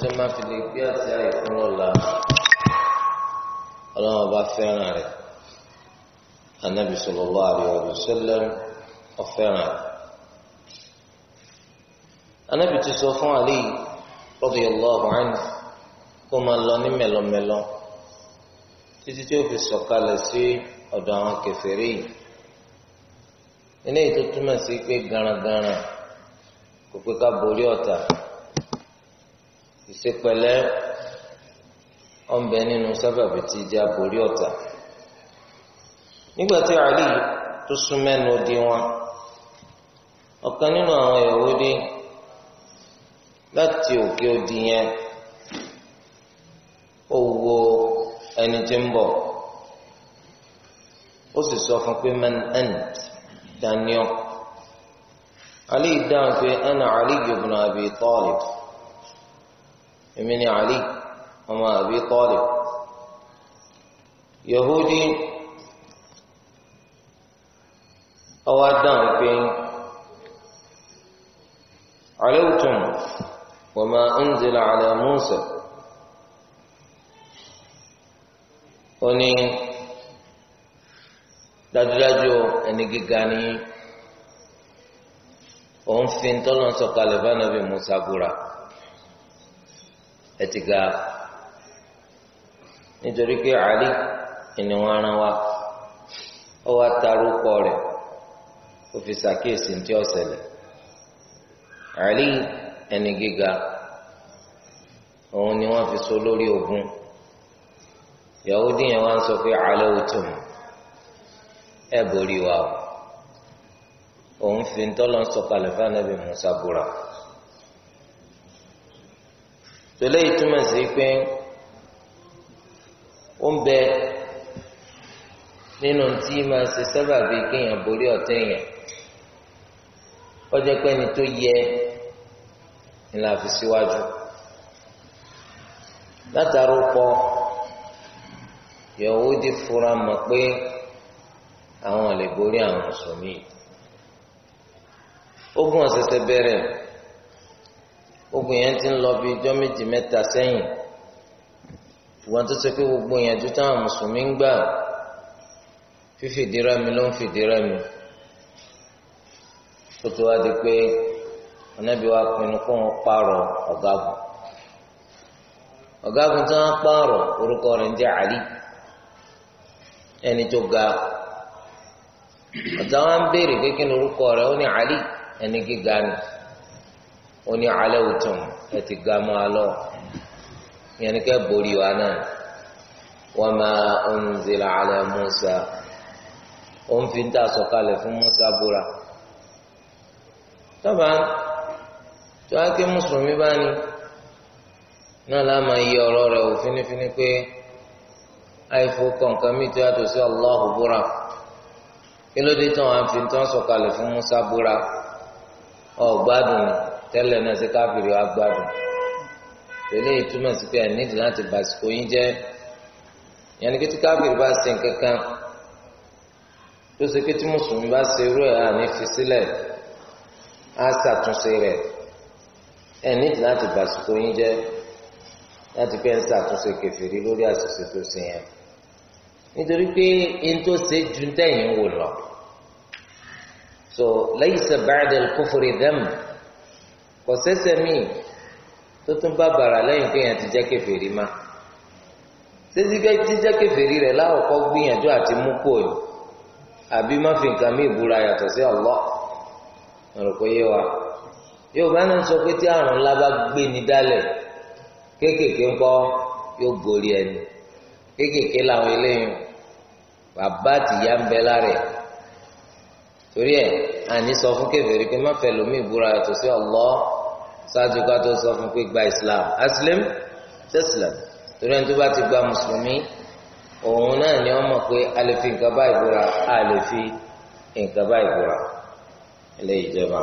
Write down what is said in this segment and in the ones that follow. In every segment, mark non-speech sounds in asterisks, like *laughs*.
tí má fi lè gbé àti àyè fún lọ́la ọlọ́run ọba fẹ́ràn rẹ̀ anabi sallallahu alaihi wasallam ọ̀fẹ́ràn rẹ̀ anabi ti sọ fún Ali radiyallahu anhu kó máa lọ ní mẹlọmẹlọ títí tí ó fi sọ̀kalẹ̀ sí ọ̀dọ̀ àwọn kèfèrí yìí eléyìí tó túmọ̀ sí pé garagara kò pé ká borí ọ̀tá. ìṣepẹ̀lẹ́ ọ̀nbẹ nínú sábàbí tí ìjà borí ọ̀tá nígbà tí Ali tó sún mẹ́nu di wọn ọ̀kan nínú àwọn Yahudi láti òkè odi yẹn ó wo ẹni tí ń bọ̀ ó sì sọ fún pé man Daniel Ali dáhùn pé Ali èmi ni Ali ọmọ Abi Talib Yahudi ọwọ́ adáhùn pé علوتم وما أنزل على موسى oni dájúdájú ẹni gíga ni òun fi ń tọ́lọ́ sọ̀kalẹ̀ bá nàbì Musa búra. ẹtì gaafu nítorí pé àlì ni wọn wa ó wá tarúkọ rẹ ó fi ṣàkíyèsí ní tí ó ṣẹlẹ̀ ẹni gíga òun ni wọn fi so lórí ogun Yahudi yẹn wá ń sọ pé àlẹ òtún ẹ borí wa o òun fi ń tọ́lọ́ sọ kalẹ̀ fún anabi Musa búra. sọlẹ́ yìí túmọ̀ sí pé ó ń bẹ nínú tí máa ṣe sábà bíi kéèyàn borí ọ̀tẹ̀ èèyàn kọjá pé ẹni tó yẹ ni la fi síwájú látàrí pọ Yahudi fura mọ̀ pé àwọn lè borí àwọn mùsùlùmí ogun ọ̀sẹ̀sẹ̀ bẹ̀rẹ̀ gbogbo yẹn ti ń lọ bí ijọ́ méjì mẹ́ta sẹ́yìn ìwọ̀n tó ṣe pé gbogbo yẹn tó táwọn mùsùlùmí ń gbà fífìdí rẹmi ló ń fìdí rẹmi kó tó wá di pé ọ̀nàbí wa pinnu kó wọn pààrọ̀ ọ̀gágun ọ̀gágun tó wọn pààrọ̀ orúkọ rẹ̀ ń jẹ́ àlí ẹni tó ga ọ̀tá wọn béèrè pé kí ni orúkọ rẹ̀ ó ní àlí ẹni gíga ni oní alẹ́ òtún ẹ ti ga mọ́ alọ́ yẹn ni kẹ́ borí wa náà wọ́n máa ń zèlè alẹ́ Musa ó ń fi ń dà sọ̀kalẹ̀ fún Musa búra tọ́ba tó wá kí mùsùlùmí bá ní náà lá máa yí ọ̀rọ̀ rẹ̀ wò pé àìfò kọ̀ǹkan mi tó yàtọ̀ sí Allahu búra kí ló dé tán wàá fún Musa búra ọ̀gbádùn ni tẹ́lẹ̀ náà ṣe káfíìrì wa gbádùn tẹ́lẹ̀ yìí túmọ̀ sí pé ẹ̀ní ìdí láti bàsíkò yín jẹ́ yẹnni kí tí káfíìrì bá ṣe nǹkan kan tó ṣe pé tí mùsùlùmí bá ṣe irú ẹ̀ àní fi sílẹ̀ á ṣàtúnṣe rẹ̀ ẹ̀ní ìdí láti bàsíkò yín jẹ́ láti pé ṣàtúnṣe kẹfìrí lórí àṣìṣe tó ṣe yẹn nítorí pé in tó ṣe ju tẹ̀yìn wò lọ so laysa ba'da al-kufri dhanb kò sẹ́sẹ̀ míì tó tún bá bàrà lẹ́yìn kéèyàn ti jẹ́ kèfèrí má sẹ́sí bẹ́ẹ̀ jíjẹ́ kèfèrí rẹ̀ láwọ̀kọ́ gbìyànjú àti mú kó o àbí má fi nǹkan míì búra yàtọ̀ sí Allah ọ̀rọ̀ pé yé wa yóò bá náà sọ pé tí àrùn ńlá bá gbé ni dálẹ̀ kéékèèké ńkọ́ yóò borí ẹni kéékèèké làwọn eléyìí bàbá àtìyá ń bẹ lára torí ẹ̀ àní sọ fún kèfèrí pé má fẹ́ lómi ìbúra yàtọ̀ sí Allah ṣáájú ká tó sọ fún pé gba islam aslim tẹsílẹm torí ẹni tó bá ti gba mùsùlùmí òun náà ni wọn mọ pé a lè fi nǹkan báyìí búra a lè fi nǹkan báyìí búra ilé ìjọba.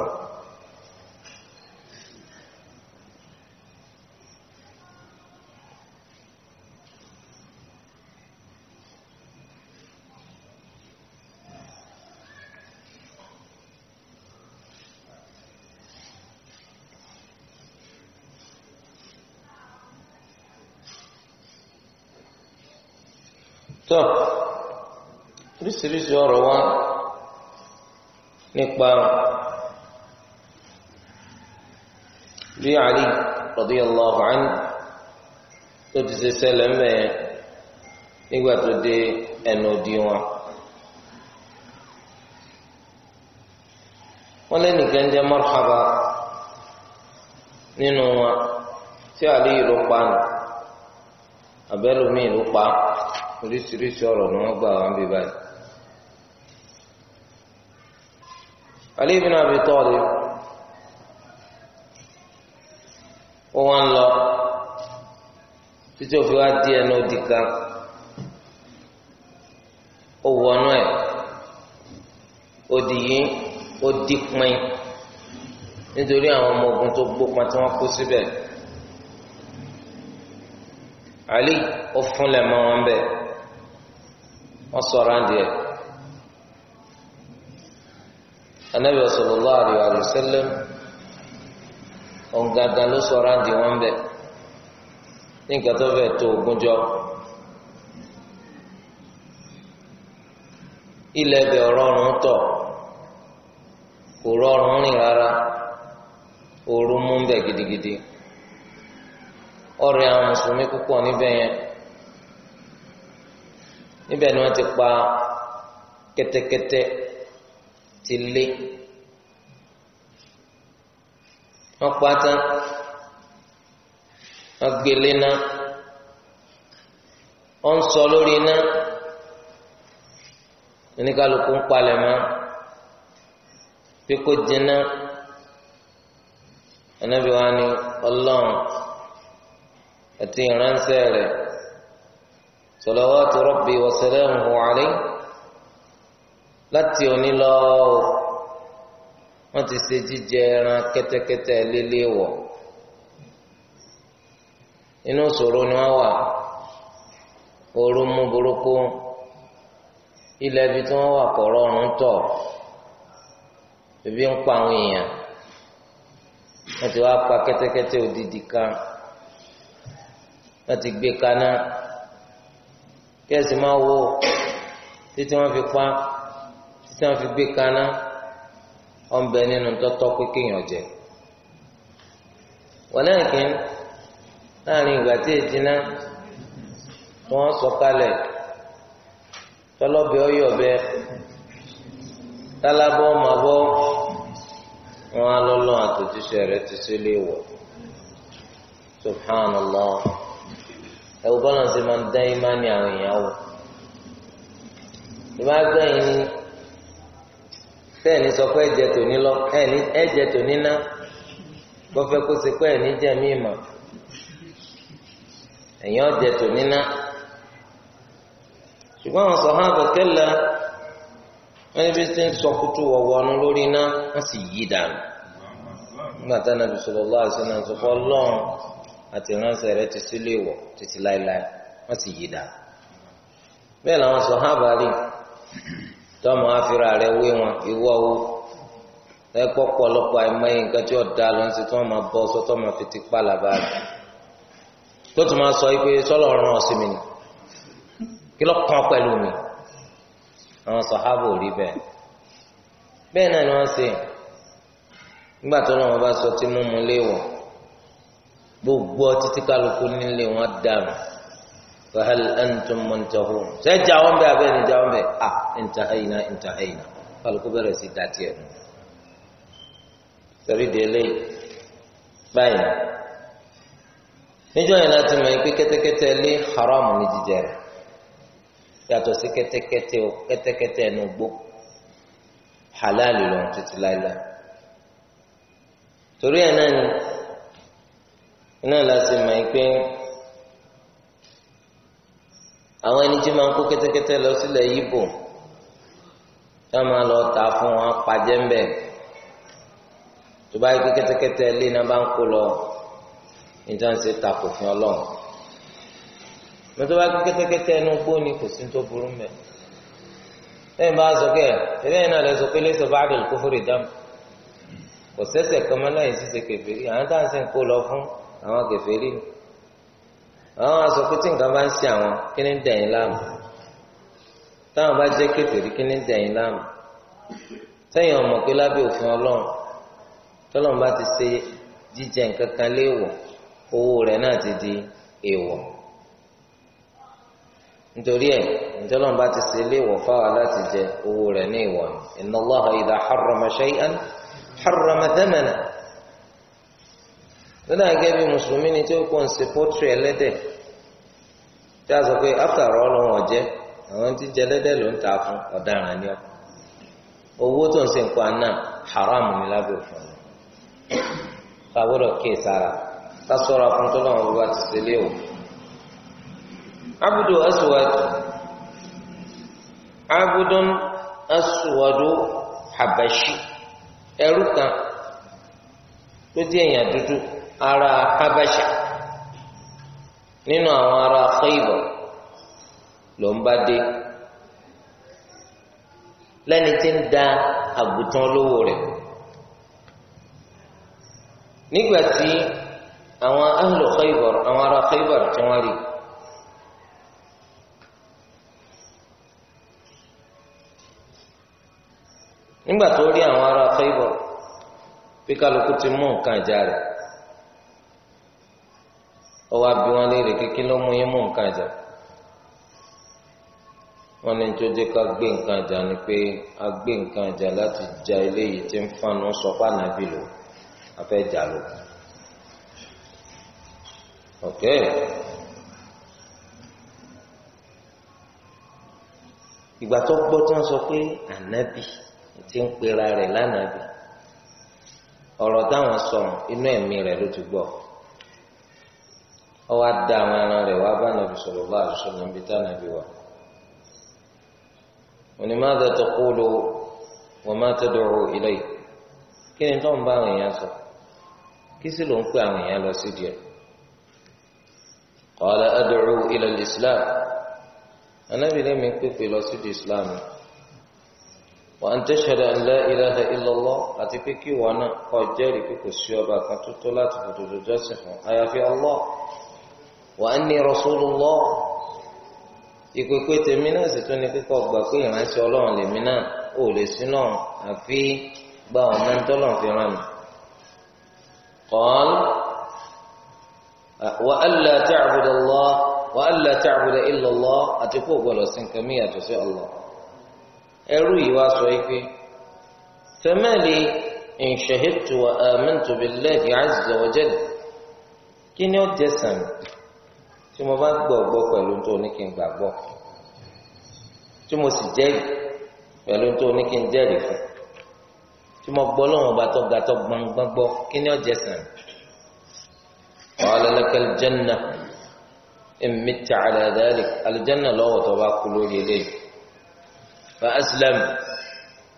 tó oríṣiríṣi ọ̀rọ̀ wá nípa bí Ali radiyallahu anhu tó ti ṣe ṣẹlẹ̀ ń bẹ̀ nígbà tó dé ẹnu òdi wọn. wọ́n lẹ́nìkan jẹ́ marhaba nínú wọn tí Ali ló pa nù abẹ́lómi ló pa á oríṣiríṣi ọ̀rọ̀ ni wọ́n gbà wá ń bí báyìí. Ali ibn Abi Talib ó wá ń lọ títí òfin wá di ẹnu òdì kan ó wọnú ẹ̀ òdì yìí ó di pin nítorí àwọn ọmọ ogun tó gbópa tí wọ́n kó síbẹ̀ Ali ó fúnlẹ̀ mọ́ wọn bẹ́ẹ̀ wọ́n sọ̀rọ̀ adìẹ. anabi sallallahu alaihi wa sallam ọ̀ngangan ló sọ̀rọ̀ adìẹ wọn bẹ̀ ní nǹkan tó fẹ́ tó ogúnjọ́. ilẹ̀ ibẹ̀ ọ̀rọ̀rùn tọ̀ kò rọrùn rìn rárá òru mú bẹ̀ gidigidi ọ̀rẹ́ àwọn mùsùlùmí púpọ̀ níbẹ̀ yẹn níbẹ̀ ni wọ́n ti pa kẹ́tẹ́kẹ́tẹ́ ti lé wọ́n pa tán wọ́n gbélé náà wọ́n sọ lórí iná oníkàlùkù ń palẹ̀ mọ́ pé jiná anábìwá ọlọ́run àti ìránṣẹ́ rẹ̀. صلوات ربي وسلامه عليه láti òní lọ wọ́n ti ṣe jíjẹ ẹran kẹ́tẹ́kẹ́tẹ́ líle wọ̀ inú ìṣòro ni wọ́n wà ooru mú burúkú ilẹ̀ ibi tí wọ́n wà kọ̀ rọrùn tọ̀ ebi ń pa àwọn èèyàn wọ́n ti wá pa kẹ́tẹ́kẹ́tẹ́ òdìdí kan wọ́n ti gbé kaná. kẹ́sì máa wò títí wọ́n fi pa títí wọ́n fi gbé kaná ọ̀nbẹ nínú tọ́tọ́ pé kéèyàn jẹ. wọ́n náà kí láàrin ìgbà tí èjì náà wọ́n sọ kalẹ̀ tọ́lọ́bẹ ọ̀yọ̀bẹ tálábọ́ màbọ́ wọn á lọ́lọ́ àtòjúṣe rẹ̀ ti sílé wọ̀ subhanallah. ẹ̀wù bọ́lá ṣe máa ń dán ìmánì àwọn èèyàn gbẹ̀yìn ni tẹ́ẹ̀ni sọ pé ẹ̀jẹ̀ lọ ẹ̀jẹ̀ tòní ná gbọ́fẹ́ kó ṣe pé ẹ̀ní jẹ́ mí mọ̀ ẹ̀yìn ọ̀jẹ̀ tòní ná ṣùgbọ́n àwọn sọ̀hán àbẹ̀kẹ́lẹ̀ wọ́n níbi tí ń sọ lórí iná wọ́n sì yí dànù nígbà àti ránṣẹ́ rẹ̀ ti sílé wọ̀ títí láéláé wọ́n sì yí dá làwọn sọ àfihàn rẹ wé wọn ìwọ owó nǹkan tí ló ń ṣe tí máa fi ti pàlàbà rẹ̀ tó tún máa sọ pé sọ́lọ̀ ọ̀ràn mi ni kí ló kàn pẹ̀lú mi àwọn sọ̀hábò rí bẹ́ẹ̀ bẹ́ẹ̀ náà ni wọ́n ṣe nígbà tó lọ́wọ́ bá sọ tí gbogbo títí kálukú nílé wọn dànù fahal antum muntahun ṣe jà wọn bẹ abẹ ni jà wọn bẹ a intahayna intahayna kálukú bẹ̀rẹ̀ sí dàtí ẹ nù torí délé báyìí níjọ́ yẹn láti mọ̀ pé kẹ́tẹ́kẹ́tẹ́ lé haram ní jíjẹ rẹ̀ yàtọ̀ sí kẹ́tẹ́kẹ́tẹ́ o ẹnu gbó halal lòun títí láìláì torí ẹ̀ náà ni iná láti mọ̀ pé àwọn ẹni tí máa ń kó kẹ́tẹ́kẹ́tẹ́ lọ sílẹ̀ yíbò tá a máa lọ tà fún wọn pàjẹ́ ń bẹ̀ tó bá yẹ kó kẹ́tẹ́kẹ́tẹ́ ilé náà bá ń kó lọ níta ń ṣe takò fún ọlọ́run mọtò bá kó kẹ́tẹ́kẹ́tẹ́ ẹnu gbó ni kò sí tó burú mẹ́ lẹ́yìn bá sọ pé ẹ lẹ́yìn náà lẹ sọ pé lẹsọ bá àdùn kó fòrè dáàmú kò sẹsẹ kọmọ lẹ́yìn sísè kẹfẹ àwọn táwọn sì ń kó lọ fún àwọn kèfèrí ni àwọn aṣọ pé tí nǹkan bá ń ṣe àwọn kí ni dẹ̀yìn láàmú táwọn bá jẹ́ kèfèrí kí ni dẹ̀yìn láàmú sẹ́yìn ọmọ pé lábẹ́ òfin ọlọ́run tọ́lọ́run bá ti ṣe jíjẹ nǹkan kan léèwọ̀ owó rẹ̀ náà ti di èèwọ̀ nítorí ẹ̀ ìjọlọ́run bá ti ṣe léèwọ̀ fáwa láti jẹ owó rẹ̀ ní ìwọ̀ ni inna Allaha idha harrama shay'an lọ́dà gẹ́gẹ́ bí mùsùlùmí ni tí ó kọ́ ń ẹlẹ́dẹ̀ tí a sọ pé after all jẹ́ àwọn tí ẹlẹ́dẹ̀ ló ń ta fún ọ̀daràn ni ọ owó tó ń ṣe nǹkan náà haram ni lábẹ́ òfin ọ̀la fàgbọ́dọ̀ sára fún tó náà wọ́n bá ti léwu. ará habasha nínú àwọn ará Khaybar ló ń bá dé lẹ́ni tí ń da àgùntàn olówó rẹ̀ nígbà tí àwọn ahlu Khaybar àwọn ará Khaybar tí wọ́n rí nígbà tó rí àwọn ará Khaybar bí kálukú ti mú nǹkan ìjà ó wá bí wọn léèrè kékeré ló mú yín mú nǹkan jà wọn ní tó dé ká gbé nǹkan jà ni pé a gbé nǹkan jà láti ja eléyìí tí ń fanu sọpá nàbí lò afẹ́ jà lò ok ìgbà tó gbọ́ tó ń sọ pé ànábì ti ń pera rẹ̀ lánàbì ọ̀rọ̀ táwọn sọ inú ẹ̀mí rẹ̀ ló ti gbọ́ ọ ọwọ́ adá àwọn ẹran rẹ̀ wá bá nàbì sọ̀rọ̀ bá àṣọ nàbì tá nàbì wà. onímọ̀ọ́dọ̀ tó kú lo wọ́n máa tẹ́ dọ̀rọ̀ ilé yìí kí ni tó ń bá àwọn èèyàn sọ kí sì ló ń pè àwọn èèyàn lọ sí díẹ̀. qala ad'u ila islam anábì lè mi lọ sí di islam wa an tashhada an la ilaha illallah àti pé kí wọn náà kọ jẹ́rìí pé kò sí ọba kan tó tó láti fòtòtò wà á ní Rasulullah ìpèpè tèmi náà sì tún ní kíkọ gbà pé ìránṣẹ́ Ọlọ́run lèmi náà ò lè sínú àfi gba ọ̀nà ńtọ́lọ̀ fi ràn mí. قال وألا تعبد الله وألا تعبد إلا الله أتكو ولا سنكمية تسي الله أروي واسويكي فما لي إن شهدت وآمنت بالله عز وجل كن يجسم tí mo bá gbọ̀gbọ́ pẹ̀lú tó ní kí n gbàgbọ́ tí mo sì jẹ́rìí pẹ̀lú tó ní kí n jẹ́rìí fún tí mo gbọ́ lọ́wọ́n bá tó ga tó gbọ́ngbọ́n gbọ́ kí ni ọ̀jẹ̀ sàn qala lakal janna in mitta ala dhalik aljanna lọ́wọ́ tó bá kú lórí eléyìí fa aslam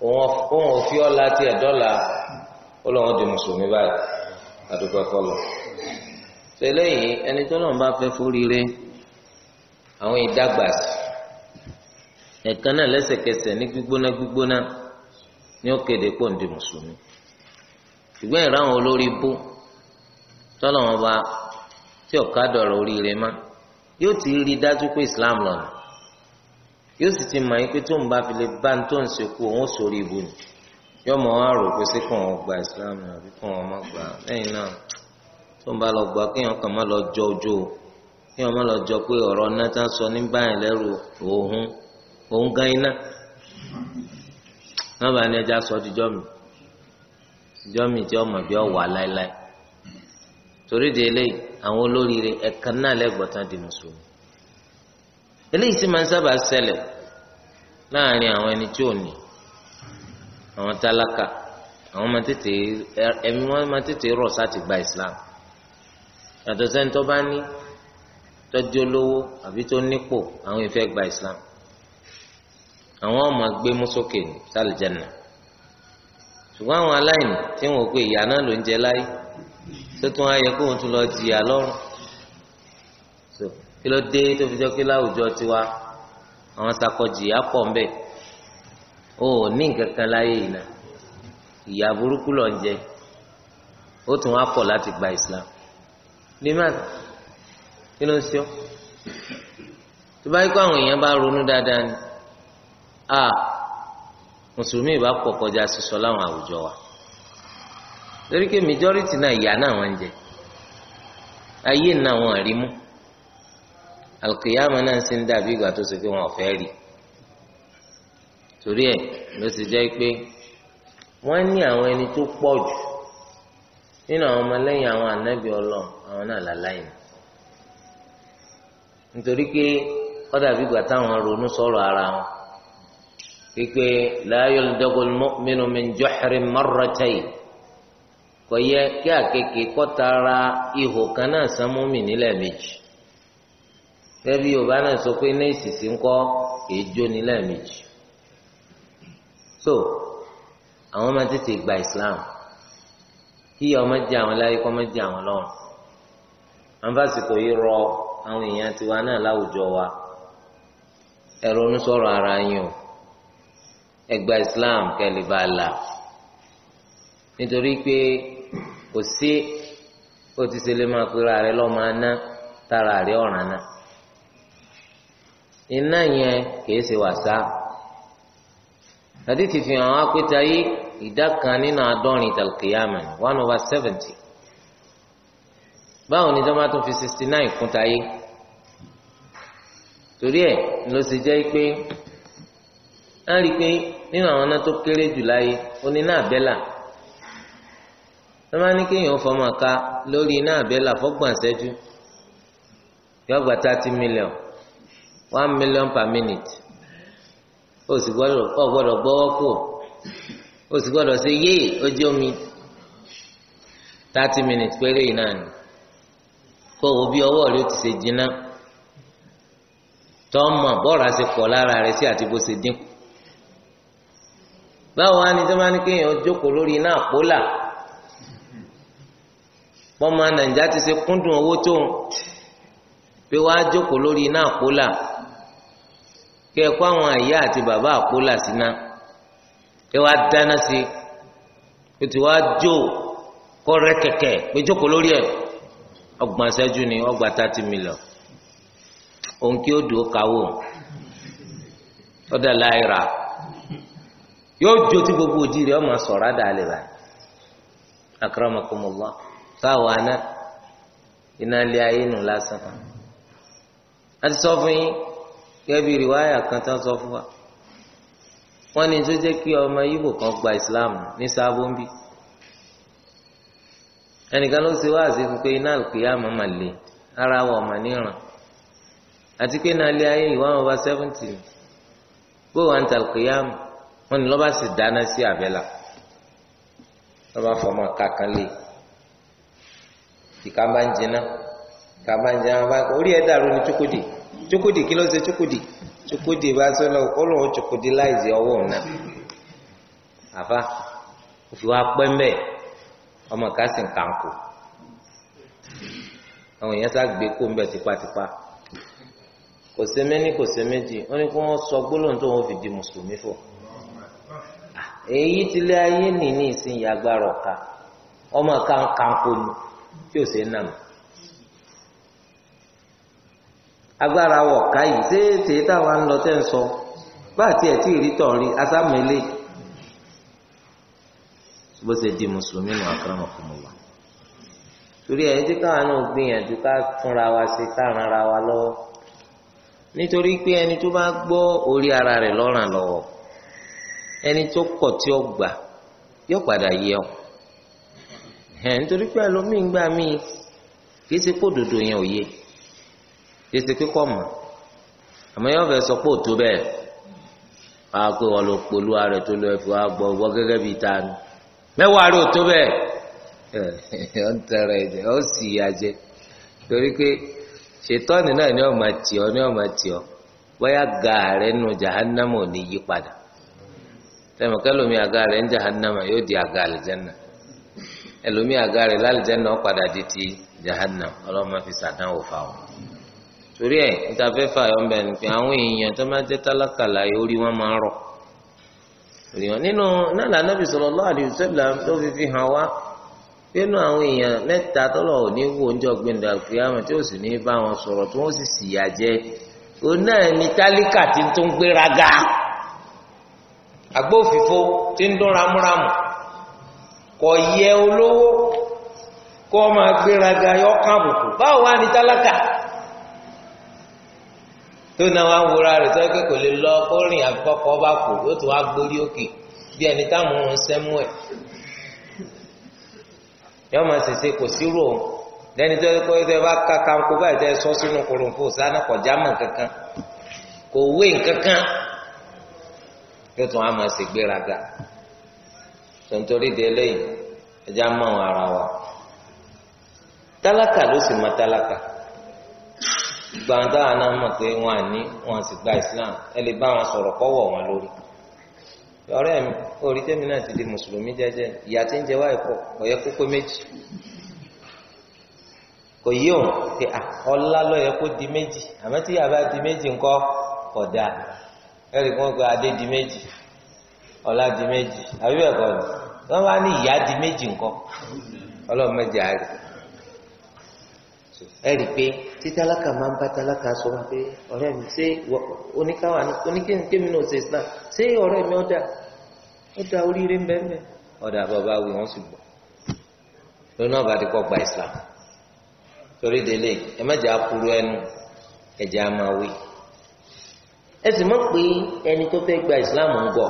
òun ò fi ọ́ láti ó lọ́wọ́ di mùsùlùmí báyìí adúgbò ẹ̀kọ́ lọ tẹ́lẹ̀ yìí ẹni tó lọ́n bá fẹ́ fóríire àwọn ìdágbàsí ẹ̀kan náà lẹ́sẹ̀kẹsẹ̀ ní gbígbóná gbígbóná ní ó kéde pò ń di mùsùlùmí ṣùgbọ́n ìráwọn olórí bó tọ́lọ̀ wọn bá tí ọ̀ka dọ̀rọ̀ oríire má yóò ti rí i dájú pé Islam lọ́nà yóò sì ti mọ̀ yín pé tóun bá fi lè bá ń tó ń sekú òun sórí ibu ni yọmọ wọn rò pé sí kàn wọn gba Islam àbí kàn wọn má gba lẹ́yìn náà. tó ń bá lọ gbà kéèyàn kàn má lọ jọ ojú o kéèyàn má lọ jọ pé ọ̀rọ̀ náà sọ ní báyìí lẹ́rù òun òun iná náà bá ní sọ jíjọ́ mi jíjọ́ mi tí ọmọ bí ọ̀wà láéláé torí de eléyìí àwọn olóríire ẹ̀ka náà di mùsùlùmí eléyìí sì máa ń àwọn ẹni tí ò àwọn tálákà àwọn tètè Islam yàtọ̀ sẹ́ni tó bá ní tọ́jú olówó àbí tó nípò àwọn ìfẹ́ gba islam àwọn ọmọ gbé mọ́sókè ní sálìjẹ́nà ṣùgbọ́n àwọn aláìní tí wọ́n pe ìyá náà ló ń jẹ láyé tó tún ayẹ kó wọn tún lọ jìyà lọ́rùn kí ló dé tó fi jọ pé láwùjọ tiwa àwọn sakọjì á pọ̀ ńbẹ̀ o ní nǹkan kan láyé yìí náà ìyá burúkú ló ó tún wá pọ̀ láti gba islam limani kí ló ń ṣe ọ tó bá yẹ kó àwọn èèyàn bá ronú dáadáa ni a mùsùlùmí ìbá pọ̀ kọjá sísọ láwọn àwùjọ wa torí pé náà ìyá náà wọ́n ń jẹ ayé náà wọ́n rí mú alùkìyàmù náà sì ń dàbí ìgbà tó so pé wọn rí torí ẹ̀ ló ti jẹ́ pé wọ́n ní àwọn ẹni tó pọ̀ jù nínú àwọn àwọn náà láláì ní nítorí pé ọ̀dà bígbà táwọn ronú sọ̀rọ̀ ara wọn pípé la yuldagul mu'minu min juhrin marratayn kò yẹ kí àkekè kọ́tara ihò kan náà sán mọ́mì nílẹ̀ méjì bẹ́ẹ̀ni yorùbá náà sọ pé ní ìsìsì ńkọ́ èjò nílẹ̀ méjì so àwọn máa tètè gba Islam kí ọmọ jẹ àwọn láyé kọ́ máa jẹ àwọn lọ́rùn àǹfàsìkò yìí rọ àwọn èèyàn tiwa náà láwùjọ wa ẹ ronú ara yín o ẹ Islam kẹlẹ bá a là nítorí pé kò sí ó ti ṣe lè máa pera rẹ lọ́ọ́ máa ná tára rẹ ọ̀ràn náà iná yẹn kìí ṣe wàsá àdìtì fi hàn wá pé tayé ìdá kan nínú àádọ́rin tàlùkìyàmù one over seventy báwo ni jọba tó fi sixty nine kún tayé torí ẹ̀ ló sì jẹ́ pé á rí i pé nínú àwọn náà tó kéré jù láyé oní náà bẹ́là tọ́mání kéèyàn fọmọ ká lórí náà bẹ́là fọ́gbọ̀n ṣẹ́jú yóò gba thirty million one million per minute ó sì gbọ́dọ̀ ọ̀ gbọ́dọ̀ gbọ́wọ́ kù ó sì gbọ́dọ̀ ṣe yéè ojú omi thirty minutes péré yìí náà ni kó wo bí ọwọ́ rẹ ti ṣe jiná tọ́mọ̀ bọ́ọ̀rà ṣe pọ̀ lára rẹ sí àti bó ṣe dínkù báwo wá ni tí wọ́n bá ní kéèyàn jókòó lórí iná àpólà bọ́mọ nàìjíríà ti ṣe kúndùn owó tó ń pé wá jókòó lórí iná àpólà kí ẹ kó àwọn àyà àti bàbá àpólà síná kí wá dáná sí kí tí wá jó kọ́ rẹ́ kẹ̀kẹ́ pé jókòó lórí ẹ̀. ọgbọ̀n ṣẹ́jú ni ọgbà thirty million òun kí o dùn ó kawó ọ̀dà láìra yóò jó gbogbo òdì rẹ̀ ọmọ sọ̀rọ̀ àdàlẹ báyìí akramakumullah fáwọn aná iná lé ayé nù lásán a ti sọ fún yín kan tán sọ fún wa wọ́n ni tó kí ọmọ kan gba islam ní sábó ẹnìkan ló ṣe wáàsí fún pé iná àlùkìyà máa mà lè ara wọ̀ mà níran àti pé iná ayé ìwọ́n ọba seventy bó wà ń ta àlùkìyà mọ̀ wọ́n ní lọ́ba sì dáná sí àbẹ́là lọ́ba fọmọ kankan lé ìka bá ń jiná ìka bá ń jiná bá orí ẹ̀ dàrú ni chukudi chukudi kí ló ṣe chukudi chukudi bá tó lọ ọlọ́run chukudi láì ṣe ọwọ́ ọ̀nà àfa òfin wa pẹ́ mbẹ́ẹ̀ ọmọ ká sì ń kàǹkò àwọn èèyàn ságbé kó ń bẹ tipátipá kò sí méní kò sí méjì wọn ni kó wọn sọ gbólóhùn tó wọn fi di mùsùlùmí fò èyí ti lé ayé nì ní ìsinyìí agbára ọ̀ka ọmọ ká ń kàǹkò ni tí ò sí nà mọ́ agbára ọ̀ka yìí ṣé táwa ń lọ tẹ́ ń sọ bá àti ẹ̀ tí ì rí tọ̀ rí asámẹ́lẹ́ yìí bó ṣe di mùsùlùmí nù akramakumullah torí ẹni tí káwọn náà gbìyànjú ká túnra wa ṣe ká ran ara wa lọ́wọ́ nítorí pé ẹni tó bá gbọ́ orí ara rẹ̀ lọ́ràn lọ́wọ́ ẹni tó kọ̀ tí ó gbà yóò padà yẹ ọ ẹ nítorí pé ẹlòmíì ń gbà mí kì í ṣe kó dòdò yẹn ò yẹ kì í ṣe kíkọ́ mọ̀ àmọ́ yóò fẹ́ sọ pé òtó bẹ́ẹ̀ wàá pé wọn lọ polú ara rẹ̀ tó lọ ẹ̀fọ́ àgbọ̀ wọ́n gẹ́gẹ́ bíi ta ni. mẹ́wàá rò tó bẹ́ẹ̀ ọ *laughs* ń tẹrẹ ẹ̀jẹ̀ ọ sì yà jẹ torí pé ṣètọ́ni náà ni ọmọ tì ọ ni ọmọ tì ga padà kẹlòmí àga ń jahannama yóò di àga àlìjẹnà ẹlòmí àga rẹ lálìjẹnà ó padà di ti jahannama ọlọ́mọ fi sàdánwò fáwọn torí ẹ níta fẹ́ fà yọ̀ ń bẹ̀ ni pé èèyàn nínú náà lànà bí sallallahu alaihi wasallam tó fi fi hàn wá nínú àwọn èèyàn mẹ́ta tọ́lọ̀ ò ní wo oúnjẹ ọ̀gbìndà kìámà tí ó sì ní bá wọn sọ̀rọ̀ tí wọ́n sì sìyà jẹ òun náà ni tálíkà tí ń tún gbéraga agbófinfo tí ń dún ramúramù kò yẹ olówó kó máa gbéraga yọ kàn bùkù báwo wá ní tálákà. tó na wá wúra rẹ̀ tó lè lọ kó rìn àkọ́kọ́ bá kù yóò tó wá gbórí òkè bí ẹni táwọn ohun sẹ́mú ẹ yọ máa ṣèṣe kò sírò òun lẹ́ni tó yẹ kó kankan kò wé yóò wá máa ṣègbéraga tontori de ẹja mọ gbàǹdà àná mọ̀ pé wọn à ní wọn sì gba islam ẹ lè bá wọn sọ̀rọ̀ kọ́wọ̀ wọn lórí ọ̀rẹ́ mi orí tẹ́mi náà ti di mùsùlùmí jẹ́jẹ́ ìyá tí ń jẹ wáyé pọ̀ ọ̀yẹ́ kókó méjì kò yí òun pé ọlá lọ́yẹ kó di méjì àmọ́ tí yàrá di méjì ńkọ́ kódà ẹ̀rí kan gba adé di méjì ọlá di méjì àbí bẹ́ẹ̀ ni wọ́n wá ní ìyá di méjì ńkọ́ ọlọ́mọdé àárẹ̀ ẹ rí i pé tí tálákà máa ń bá tálákà sọ wọn pé ọ̀rẹ́ mi ṣé oníkàwá oníkémi náà ṣe islam ṣé ọ̀rẹ́ mi ọ̀dà ọ̀dà oríire ń bẹ́ẹ̀ ọ̀dà bàbá wí wọ́n sì gbọ́ lónà bá ti kọ́ gba islam torí délé ẹ má jẹ́ àkúrú ẹnu ẹ̀jẹ̀ á máa wí ẹ sì mọ̀ pé ẹni tó fẹ́ gba islam ń gbọ́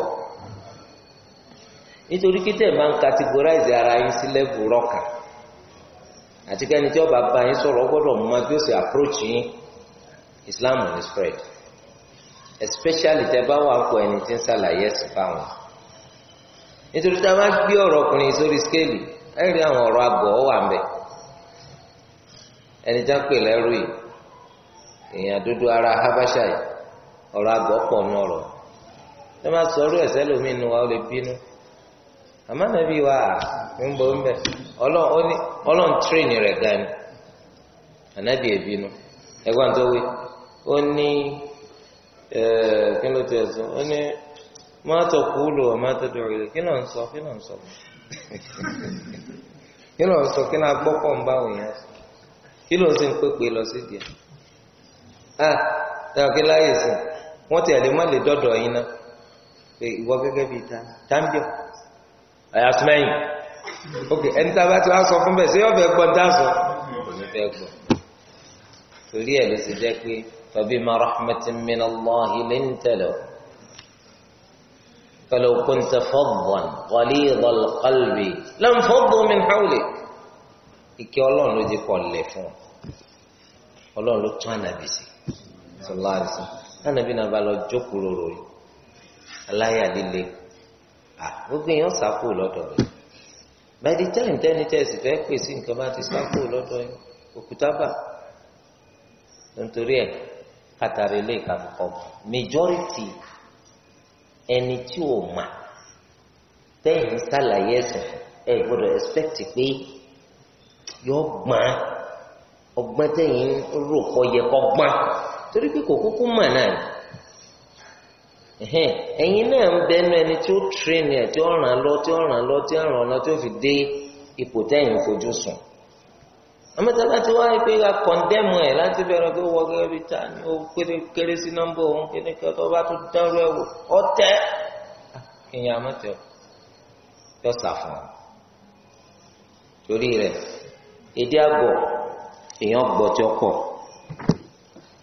nítorí kí tẹ̀ máa ń categorize ara yín sí lẹ́bù rọ́kà. àti kẹ́ni tí ọba bá yín sọ̀rọ̀ ọ gbọ́dọ̀ mọ bí ó approach Islam spread especially tẹ bá wà pọ̀ ẹni tí ń ṣàlàyé ẹ̀sìn fáwọn nítorí tá a bá gbé ọ̀rọ̀ ọkùnrin sórí skéèlì ẹ rí àwọn ọ̀rọ̀ àgọ̀ wà ẹni ara habasha yìí ọ̀rọ̀ pọ̀ nù ọ̀rọ̀ sọ ẹ̀sẹ̀ lómi nu wa ó lè àmọ́ nàbí wa ń bọ̀ ń bẹ̀ ọlọ́run tírèènì rẹ̀ gan ni ànábì èbínú ẹ̀gbọ́n tó wí ó ní kí ló ti ẹ̀sùn ó ní mọ́tò kúlò mọ́tò dòrìlì kí ló ń sọ kí ló ń sọ kí ló ń sọ kí ló ń gbọ́ pọ̀ ń bá òyìn kí ló ń sì pépè lọ sí díẹ̀ ah, kí láyè wọ́n ti àyàfi mẹ́yìn ok ẹni tá a bá ti wá sọ fún bẹ́ẹ̀ ṣé ọ̀fẹ́ gbọ́n dá sọ kò ní fẹ́ gbọ́ torí ẹ̀ ló ti jẹ́ pé mina rahmatin min ń linta lahu falaw kunta faddan ghalidhal qalbi lanfaddu mi hawlik ike ọlọ́run ló ti kọ̀ lẹ̀ fún ọ ọlọ́run ló tún ànàbì sí sallallahu alaihi wasallam ànàbì náà bá lọ jókòó lóró yìí aláyà líle. Ah, gbogbo èèyàn sàkó lọ́dọ̀ rẹ̀ by the time tẹ́ni tẹ́sí fẹ́ pè nǹkan bá ti sàkó lọ́dọ̀ yẹn òkúta bà nítorí kàtàrí ilé majority ẹni tí o mà tẹ́yìn sàlàyé ẹ̀sìn ẹ̀ expecti pe pé yọ gbọ́n ọgbọ́n tẹ́yìn rò kọ yẹ kọ gbọ́n torí pé kò kúkú mà Ehi náà ń bẹnu ẹni tí ó train ẹ̀ tí ó ràn lọ tí ó ràn lọ tí ó ràn lọ tí ó fi dé ipò tẹ́yìn fojú sùn amẹ́tẹ́lá tí wọ́n á pé ká kọ̀ndẹ́mù láti bẹ̀rẹ̀ pé wọ́n gẹ́gẹ́ ta ni ó kéré kéré sí nọ́mbà òun kéré kéré tó bá tún dánrú ẹ̀ wò ọ̀tẹ́ ah, kìnyìn yọ sàfún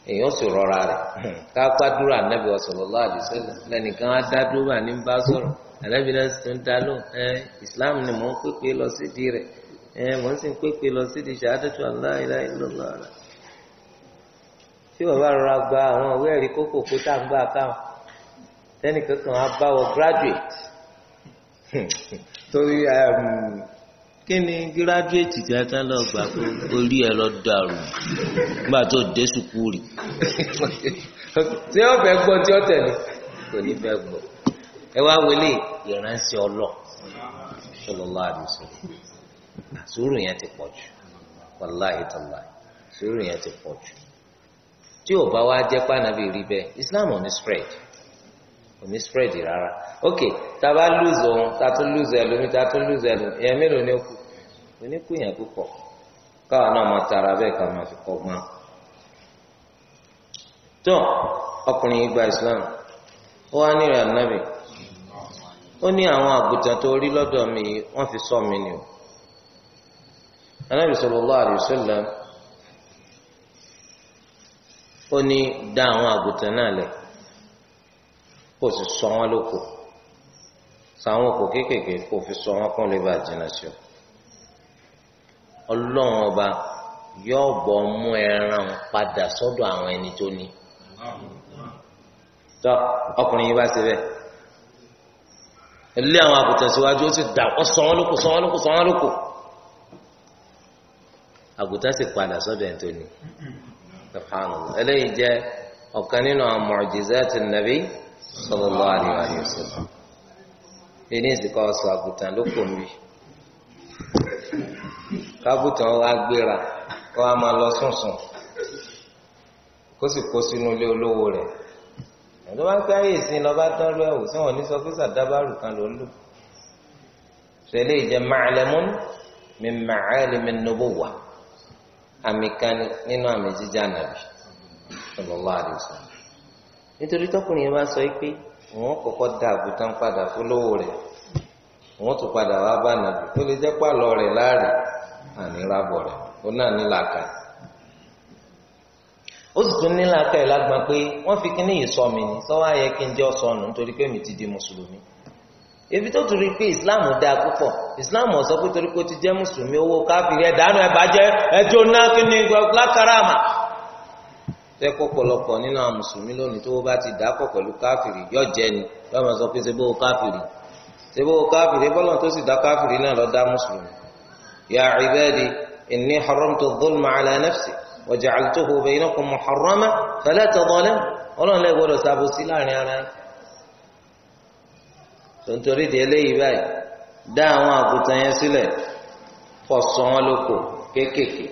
èyàn sì rọra rẹ̀ hmm. kápá dúró ànábì sallallahu alaihi á dá dúró ní bá sọ̀rọ̀ ànábì sì dá ẹ ni mò ń pèpè lọ sídìí rẹ̀ ẹ mò ń sì ń lọ sídìí tí bàbá rọra gba àwọn ìwé ẹ̀rí kókò kó tá à ń gbà káwọn tẹ́nìkan kan á wọ graduate hmm. *laughs* torí um, Kini ni tí a tán lọ gbà orí ẹ lọ dàrú nígbà tó dé sùkúrì. tí wọ́n fẹ́ gbọ́ tí wọ́n tẹ̀lé kò ní fẹ́ gbọ́ ẹ wá wọlé ìránṣẹ́ ọlọ sallallahu alaihi wasallam ti pọ̀ jù wàláhì tàlá sùúrù yẹn ti pọ̀ jù tí ò bá wá jẹ́ Islam ò ní spread. omi spread rara ok ta bá lùzọ òun tá tún lùzọ ẹlòmíì tá a tún mélòó tara abe ka máa fi kọ́gbọ́n. tó ọkùnrin igba Islam ó wá ní ìrìn ànábì ó ní àwọn àgùntàn tó rí lọ́dọ̀ fi sọ mi ni o ànábì sallallahu alaihi wasallam ó ní dá àwọn àgùntàn náà lẹ̀. kó o sì sọ wọn lóko sọ àwọn òkò kéékèèké kó o fi sọ wọn kún lè bá jìnnà sí ọ ọlọ́run ọba yóò bọ̀ mú ẹran padà sọ́dọ̀ àwọn ẹni tó ní tọ́ ọkùnrin yìí bá ṣe bẹ́ẹ̀ ilé àwọn àgùntàn ó sì dà ó sọ wọn lóko sọ wọn lóko sọ wọn lóko àgùntàn sì padà sọ́dọ̀ ẹni tó ní subhanallah jẹ́ ọ̀kan nínú àwọn mu'jizati nabi sallallahu alaihi wasallam ẹni ìsìnkọ ọsọ àgùntàn ló kò mí kábùtàn wa gbéra kó a máa lọ sùnsùn kó sì kó sínú ilé olówó rẹ̀ ẹ̀dọ́ bá ń pẹ́ ayé ìsìn lọ́ba tán lọ ẹ̀wò sí wọn ní sọ fún sàdábàrù kan ló ń lò ṣẹlẹ̀ ìjẹ́ ma'lamun min ma'alimin nubuwwa àmì kan nínú àmì jíjà nàbì sallallahu alaihi wasallam. nítorí tọkùnrin yẹn máa sọ pé wọn kọ́kọ́ da àgùntàn padà fúlówó rẹ̀ wọn tún padà wá bá nàbì tó lè jẹ́ pàlọ́ rẹ̀ láàrè ànírabọ̀ rẹ̀ ó náà ní ó sì tún won fi kíní yìí sọ ni sọ́wọ́ ayẹ kí n jẹ́ ọ̀sọ́nù nítorí pé mi ti di mùsùlùmí ebi tó torí pé islam dáa púpọ̀ islam ọ̀sọ́ pé torí pé ti jẹ́ mùsùlùmí owó káfíìrì dànù jóná lákàrà tẹ́ pọ̀pọ̀lọpọ̀ nínú àwọn mùsùlùmí lónìí tó bá ti dàpọ̀ pẹ̀lú káfìrí yọ jẹ́ ni yóò máa sọ pé ṣe bówó káfìrí ṣe bówó káfìrí bọ́lọ̀ tó sì dá káfìrí náà lọ dá mùsùlùmí. ya ibadi inni haramtu dhulma ala nafsi wa ja'altuhu bainakum muharrama fala tadhalamu ọlọ́run lẹ́ gbọ́dọ̀ ṣàbòsí láàrin ara yín. tontorí di eléyìí báyìí dá àwọn àgùntàn yẹn sílẹ̀ fọ̀sọ̀ wọn lóko kéékèèké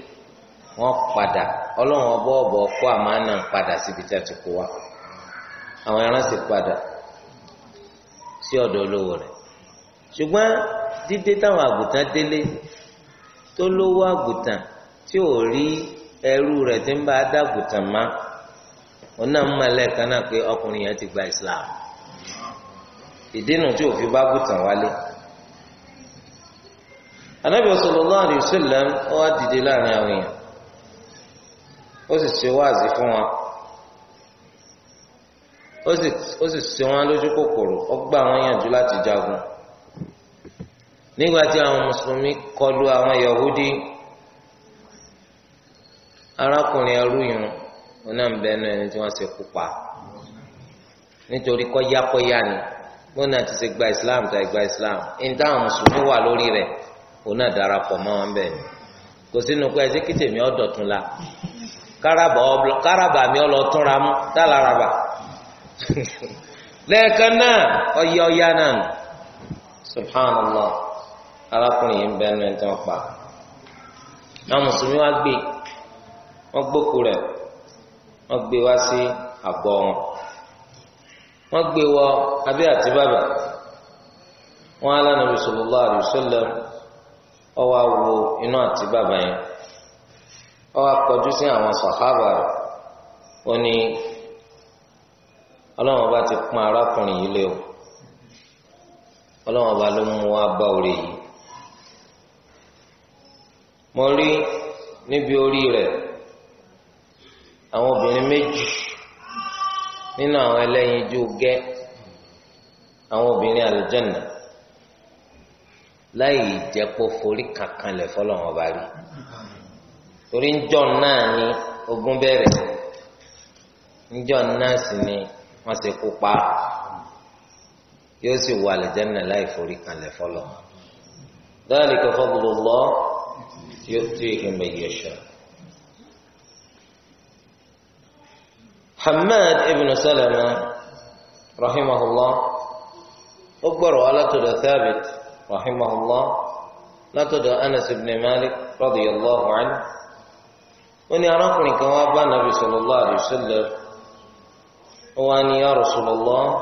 wọ́n padà ọlọ́run ọbọ̀ ọbọ̀ kó àmánà padà síbi tí a ti kó wa àwọn si padà sí ọ̀dọ̀ olówó rẹ̀ ṣùgbọ́n dídé táwọn àgùntàn délé tó lówó àgùntàn tí ò rí ẹrú rẹ̀ tí ń bá a dàgùntàn má òun ń malẹ̀ kan náà ti gba Islam ìdínà tí òfin bá gùntàn wálé Ànábì sallallahu alaihi wasallam wá dìde láàrin ó sì ṣe wáàzí fún wọn ó sì ṣe wọn lójú kòkòrò ó gbà wọn yànjú láti jagun nígbà tí àwọn mùsùlùmí kọlu àwọn yahudi arákùnrin arúyìn onáǹbẹ̀ẹ́nu ẹni tí wọ́n ṣe kú pa nítorí kọ́yákọ́yá ni bóun náà ti ṣe gba islam ta gba islam níta àwọn mùsùlùmí wà lórí rẹ̀ òun náà darapọ̀ mọ́ wọn bẹ́ẹ̀ ni kò sínú pé ẹsẹ̀ kìtìmí ọ̀dọ̀ tún la káràbà ọbọ káràbà mi ọlọ túnra mú dálaraba lẹ́ẹ̀kan náà ọyẹ ọyá náà nù subhanallah arákùnrin yìí ń bẹ ẹnu ẹjọ pa náà mùsùlùmí wá gbé wọn gbókù rẹ̀ wọn gbé wá sí àgọ́ wọn wọn gbé wọ abẹ́ àti bàbà wọn alánà Rasulullah sallallahu alaihi wasallam ọwọ awo iná àti bàbà yẹn ọ wá kọjú sí àwọn sàhábà rẹ̀ ó ní ọlọ́run ọba ti pọn arákùnrin yìí lé o ọlọ́run ọba ló mú wa bá orí yìí mo rí níbi orí rẹ̀ àwọn obìnrin méjì nínú àwọn ẹlẹ́yinjú gẹ́ àwọn obìnrin àlùjànnà láì jẹ́ forí kankan lẹ̀ fọlọ́run ọba rí torí ńjọ́ náà ni ogun bẹ̀rẹ̀ ńjọ́ náà sì ni wọ́n sì kú pa yóò sì wọ àlùjánnà láì forí kanlẹ̀ fọlọ́ dhalika fadlullah yu'tihi man yasha. Hammad ibn Salama rahimahullah ó gbọ́rọ̀ alátọ̀dọ̀ Thabit rahimahullah látọ̀dọ̀ Anas ibn Malik radiyallahu anhu. wọn ní arákùnrin kan wá bá nàbì sallallahu alaihi wasallam ó wá ní ya Rasulullah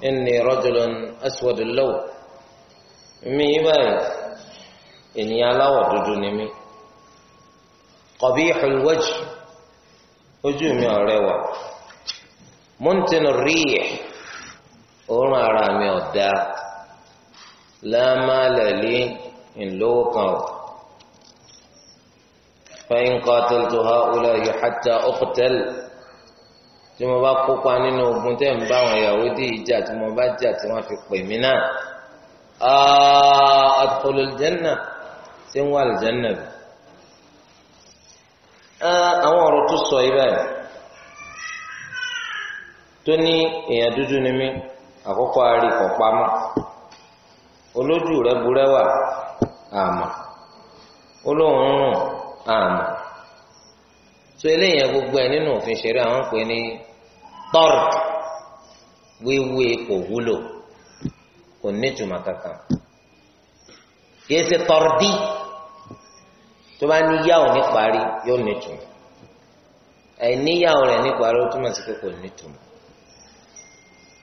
inni rajulun aswadul law mi báyìí ènìyàn aláwọ̀ dúdú ni mí kọbí wajh ojú mi ọ̀rẹ́ wà muntinu rih òórùn ara mi ọ̀dà la mala li ńlọ́wọ́ kan ọ̀. فإن قاتلت هؤلاء حتى أقتل tí mo bá kópa nínú ogun tẹ́ ń bá àwọn Yahudi ìjà tí mo bá jà tí wọ́n fi pè mí náà àtọ̀lù jẹ́nà tí ń wà lìjẹ́nà bí. àwọn ọ̀rọ̀ tó sọ yìí báyìí tó ní èèyàn dúdú ni mí àkọ́kọ́ àárí pamọ́ olójú rẹ̀ burẹ́wà àmọ́ olóhùn rùn àmà tó eléyìí gbogbo ẹ nínú òfin ṣeré àwọn pè ní tọrọ wíwé kò wúlò kò nítumọ̀ kankan kìí ṣe tọrdí tó bá níyàwó ní parí yóò nítumọ̀ àìníyàwó rẹ̀ ní parí ó túmọ̀ sí pé kò nítumọ̀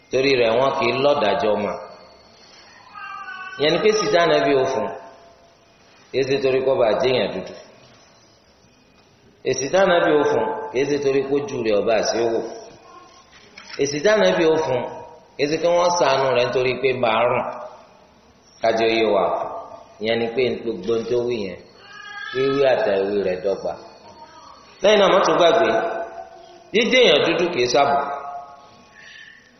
torí rẹ̀ wọ́n kì í lọ́dàjọ́ mà yẹn ni pé sísá nàbí òfin kìí ṣe torí kọ́ bá jẹ́yàn dúdú. èsì táwọn ẹbí ó fún kì í ṣe torí kó ju ọba àṣẹ wò èsì táwọn ẹbí kì í ṣe kí wọ́n sànù rẹ̀ nítorí pé máa kájọ yé wa ìyẹn ni pé gbogbo ń tó wí yẹn wíwí àtàwí rẹ̀ dọ́gba lẹ́yìn náà mọ́tò gbàgbé jíjẹ́ èèyàn dúdú kì í sábò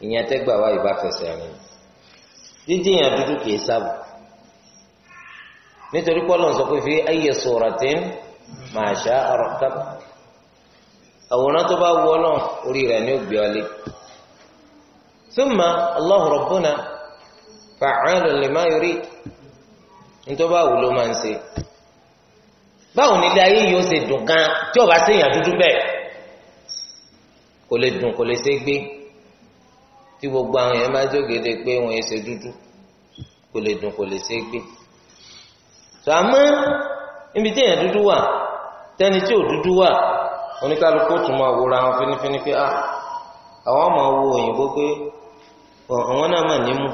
ìyẹn tẹ́gbà wá ìbá fẹsẹ̀ rìn èèyàn dúdú máa ṣá ọ̀rọ̀ kábà àwòrán tó bá wọ náà orí rẹ̀ ní òbí ọlẹ súnmọ́ ọlọ́hùn rọ̀bùnà fàáhùn lè má yorí nítorí báwo ló máa ń ṣe báwo nílé ayé yóò ṣe dùn gan tí ọba ṣèyàn dúdú bẹ́ẹ̀ kò lè dùn kò lè ṣe gbé tí gbogbo àwọn èèyàn máa jógede pé wọn yẹn ṣe dúdú kò lè dùn kò lè ṣe gbé tó àmọ́ níbi tí èèyàn dúdú wà tẹ́ni tí ò dúdú wà oníkálukú tún máa wòra wọn fínífíní pé ah àwọn ọmọ wo òyìnbó pé àwọn náà mà nímú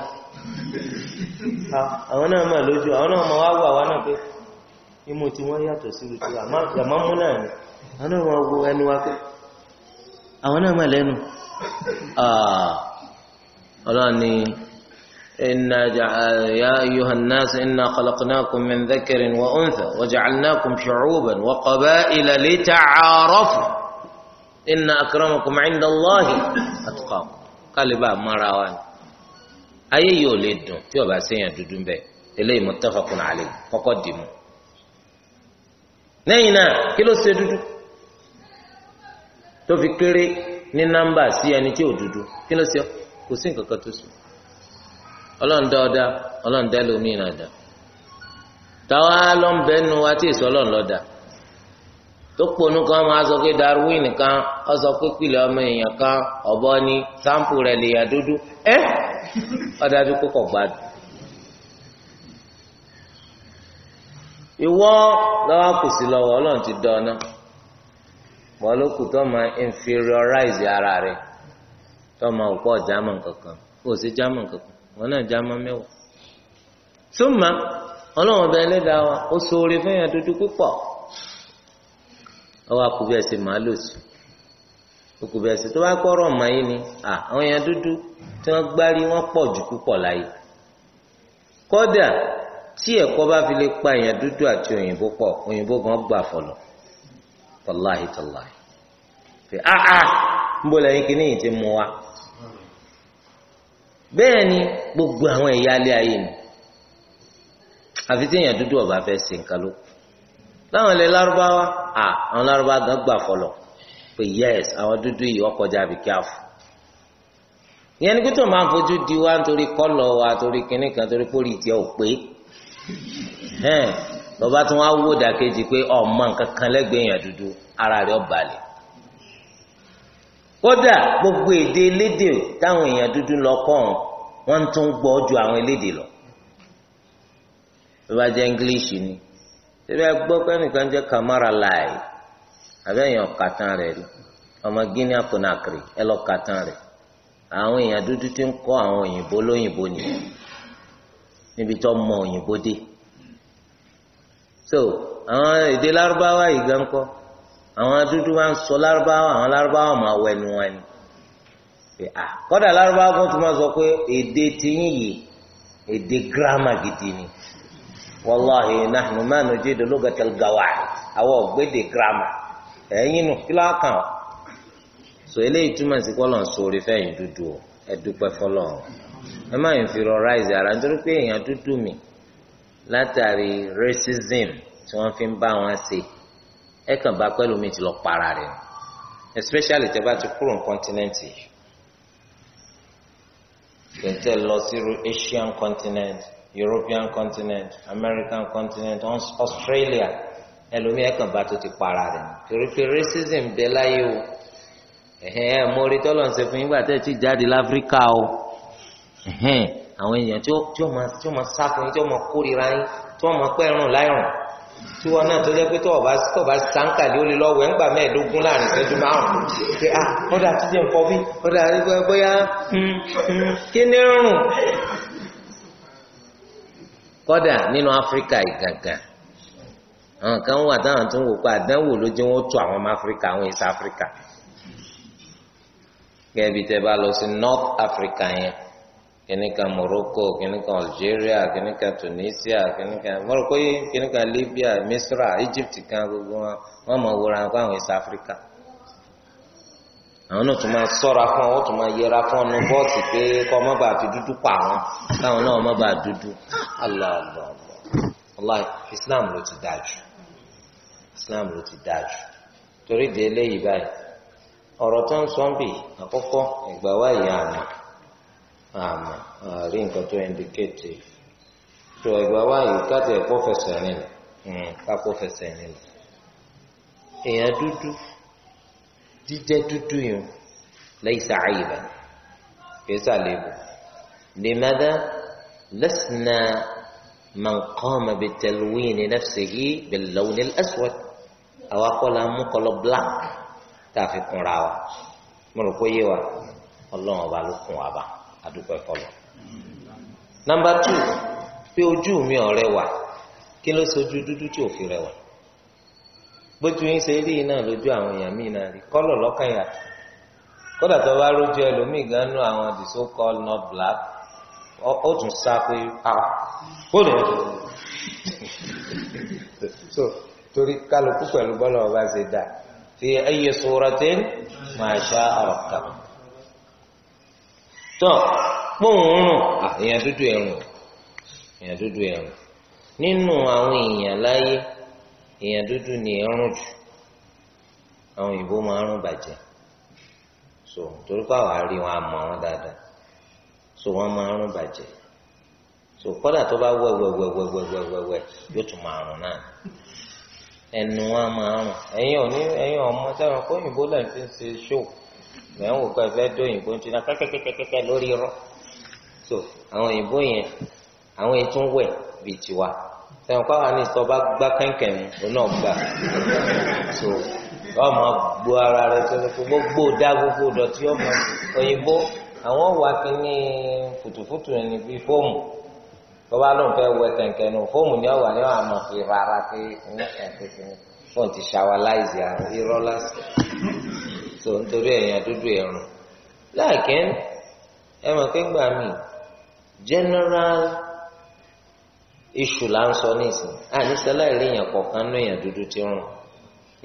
*laughs* ah, àwọn náà mà lójú àwọn náà mà wá wò àwọn náà pé imú tí wọ́n yàtọ̀ sí ibi tí àmọ́ mú náà ni àwọn náà mà wo ẹnu wa pé àwọn náà mà lẹ́nu *laughs* ah, ọlọ́ni. إنا يا أيها الناس إنا خلقناكم من ذكر وأنثى وجعلناكم شعوبا وقبائل لتعارفوا إن أكرمكم عند الله أتقاكم قال بقى مراوان أي يولد في أبا سيئا دودون بي متفق عليه فقدموا نينا كيلو سيدودو تو في كري ní nọ́mbà sí ẹni tí ò dúdú kí ló ọlọ́run dá ọdá ọlọ́run dá táwa lọ wa tí èso ọlọ́run tó kponu kan máa sọ pé Darwin kan ọ sọ pé pìlẹ̀ ọmọ èèyàn kan ọ̀bọ ni sampo rẹ̀ lè yà dúdú ẹ́ ọ̀dájú kó kọ̀ gbádùn. ìwọ lọ́wọ́ kù sí lọ́wọ́ ọlọ́run ti dán ọ́nà wọ́n wọn náà já má mẹ́wàá súnmọ́ ọlọ́run ọba ẹlẹ́dàá wa ó ṣoore fún yàn dúdú púpọ̀ ọwọ́ akú bẹ́ẹ̀ màálù sí òkú bẹ́ẹ̀ tó bá kọ́rọ̀ mọ́ yín ni àwọn yàn dúdú tí wọ́n gbárí wọ́n pọ̀ jù púpọ̀ láyé tí bá fi lè pa èèyàn dúdú àti òyìnbó pọ̀ òyìnbó gan gbà fọlọ̀ fi ń bọ̀ lẹ́yìn ti mú wa bẹ́ẹ̀ ni gbogbo àwọn ẹ̀yà alẹ́ ayé ni àfi tí èèyàn dúdú ọba fẹ́ ṣe nǹkan ló láwọn ilẹ̀ lárúbáwá à àwọn lárúbáwá gan gbà fọlọ pé yes àwọn dúdú yìí ọkọjá àbí kí a fò ìyẹn ni pé tó máa fojú di wa nítorí kọlọ wa torí kinní kan torí kórì ìtìẹ ò pé hẹn lọba tó wá wò dàkejì pé ọmọ nǹkan kan lẹ́gbẹ̀ẹ́ èèyàn dúdú ara rẹ̀ ọba lẹ kódà gbogbo èdè elédè táwọn èèyàn dúdú lọ kọ́ ọ̀hún wọ́n tún gbọ́ ju àwọn elédè lọ tó bá jẹ́ english ni síbẹ̀ gbọ́ pé nìkan jẹ́ kamara láì àbẹ́yẹn ọ̀kàtàn rẹ̀ rí ọmọ guinea conakry ẹ lọ kàtàn rẹ̀ àwọn èèyàn dúdú ti ń kọ́ àwọn òyìnbó lóyìnbó ni níbi tó mọ òyìnbó dé so àwọn èdè lárúbáwá yìí gan kọ́ àwọn dúdú máa ń sọ lárúbáwá àwọn lárúbáwá máa wẹnu wọn ni kọ́dà lárúbá kan tó máa sọ pé èdè tiyín yìí èdè gírámà gidi ni wàláhì nahnu ma nujidu lugatal gawaid àwọn ògbédè gírámà ẹ̀yin nù kí ló kàn ọ́ sọ eléyìí túmọ̀ sí kọ́ lọ́n sórí fẹ́yìn dúdú o ẹ dúpẹ́ fọlọ́ ẹ má yín fi rọra ìzẹ̀ ara nítorí pé èèyàn dúdú mi látàrí racism tí wọ́n fi ń bá wọn ṣe ẹ kàn bá pẹ́lú mi ti lọ para rẹ̀ especially tẹ́ bá ti kúrò ní kọ́ńtínẹ́ǹtì yìí kẹtẹ lọ sí Asian continent European continent American continent Australia ẹlòmíì ẹkàn bá tó ti para rẹ̀ torí racism bẹ láyé o ẹhẹn mórí tọ́lọ̀ ń ṣe fún yín gbà tẹ́ ti jáde láfíríkà o ẹhẹn àwọn èèyàn tí ó máa sá fún yín tí ó máa kórìíra yín tí ó máa pẹ́rùn láìrùn tí wọn náà tó jẹ́ pé tọ́wọ́ bá tọ́wọ́ bá sáńkàlì ó lè lọ wẹ̀ ńgbà mẹ́ẹ̀ẹ́dógún láàrin ìṣẹ́jú márùn pé à ọ̀dà tó jẹ́ nǹkan bí ọ̀dà bóyá kí ni rùn. kọ́dà nínú áfíríkà ìgàgà àwọn kan wà táwọn tó ń wò pé àdánwò ló jẹ́ wọ́n tó àwọn ọmọ áfíríkà àwọn èso áfíríkà. gẹ́gẹ́ bí tẹ́ bá lọ sí north africa yẹn kìnìkan Morocco kìnìkan Algeria kìnìkan Tunisia kìnìkan Morocco yìí kìnìkan Libya Misra Egypt kan gbogbo wọn wọn mọ wúra nǹkan àwọn East Africa àwọn náà tún máa fún wọn tún máa yẹra fún pé ọmọ bá fi dúdú pa káwọn náà ọmọ bá dúdú ọlá Islam ló ti Islam ló ti torí báyìí tó ń sọ ń bì ìgbà àná àmọ́ àárí nǹkan tó indicate tó ìgbà wáyé káàtì ẹ̀kọ́ fẹsẹ̀ rìn hmm, kápò fẹsẹ̀ rìn èèyàn dúdú jíjẹ dúdú yìí lẹ́yìn sàáyìbá kìí sàlébù lèmẹ́dá lẹ́sìnà mọ̀nkọ́mà bíi tẹ̀lúwìnì nẹ́fṣẹ̀hí bíi lọ́wọ́nì ẹ̀sùwẹ̀t àwọn akọ́lá mọ́kọ́lọ́ black tá a fi kúnra wa mo rò pé yé wa ọlọ́run ọba ló kún wa bá àdúpẹ́ fọlọ́. nọmba tù pé ojú mi ò rẹwà kí ló sojú dúdú tí ò fi rẹwà bójú yín ṣe rí náà lójú àwọn èèyàn míì náà rí kọ́lọ̀ lọ́kàn yàtọ̀ kódà tó bá rójú ẹlòmíì gan nú àwọn the so called not black ó tún sá pé bóde ah, *laughs* so torí kálukú pẹ̀lú bọ́lá ọba ṣe dà fi ayé sọ̀rọ̀ tẹ́ máa ṣá ọ̀rọ̀ kàwé tọ́ pòun rùn èèyàn dúdú ẹ̀rùn èèyàn dúdú ẹ̀rùn nínú àwọn èèyàn láyé èèyàn dúdú ni ẹ̀rùn jù àwọn òyìnbó máa ń rùn bàjẹ́ so torí pé àwọn àárín wọn àmọ́ wọn dáadáa so wọ́n máa ń rùn bàjẹ́ so kọ́dà tó bá wẹ̀ wẹ̀ wẹ̀ wẹ̀ wẹ̀ wẹ̀ wẹ̀ yóò tún máa rùn náà ẹnu wọn máa rùn ẹ̀yin ò ní ẹ̀yin ọmọ sẹ́wọ̀n kó òyìnbó lẹ́yìn fi ń ṣe ṣóò ẹ̀ ń wò pé ẹ fẹ́ dó òyìnbó ń tuná kẹ́kẹ́kẹ́kẹ́ lórí irọ́ so àwọn òyìnbó yẹn àwọn ètò ń wẹ̀ bíi tiwa sẹ́wọ̀n kọ́ àwọn ìsọ bá gbá kẹ́ńkẹ́ mu òun náà gbà so ọmọ gbó ara rẹ sọ́dọ̀ gbogbo dá gbogbo dọ̀tí ọmọ òyìnbó àwọn wà kínní fùtùfùtù ẹni bíi fóòmù tọ́ba ló ń fẹ́ wẹ kẹ̀kẹ́ nù fóòmù ni ọ̀wà ni wọ́n á mọ̀ fi rárá pé ní sí ni fóònù ti ṣàwáláìsì àrùn irọ́ lásìkò so nítorí ẹ̀yìn àdúdú ẹ̀rùn láàkín ẹ mọ̀ pé gbà mí general issue là ń sọ nísìnyí àníṣe láìrí èèyàn kọ̀ọ̀kan náà èèyàn dúdú ti rùn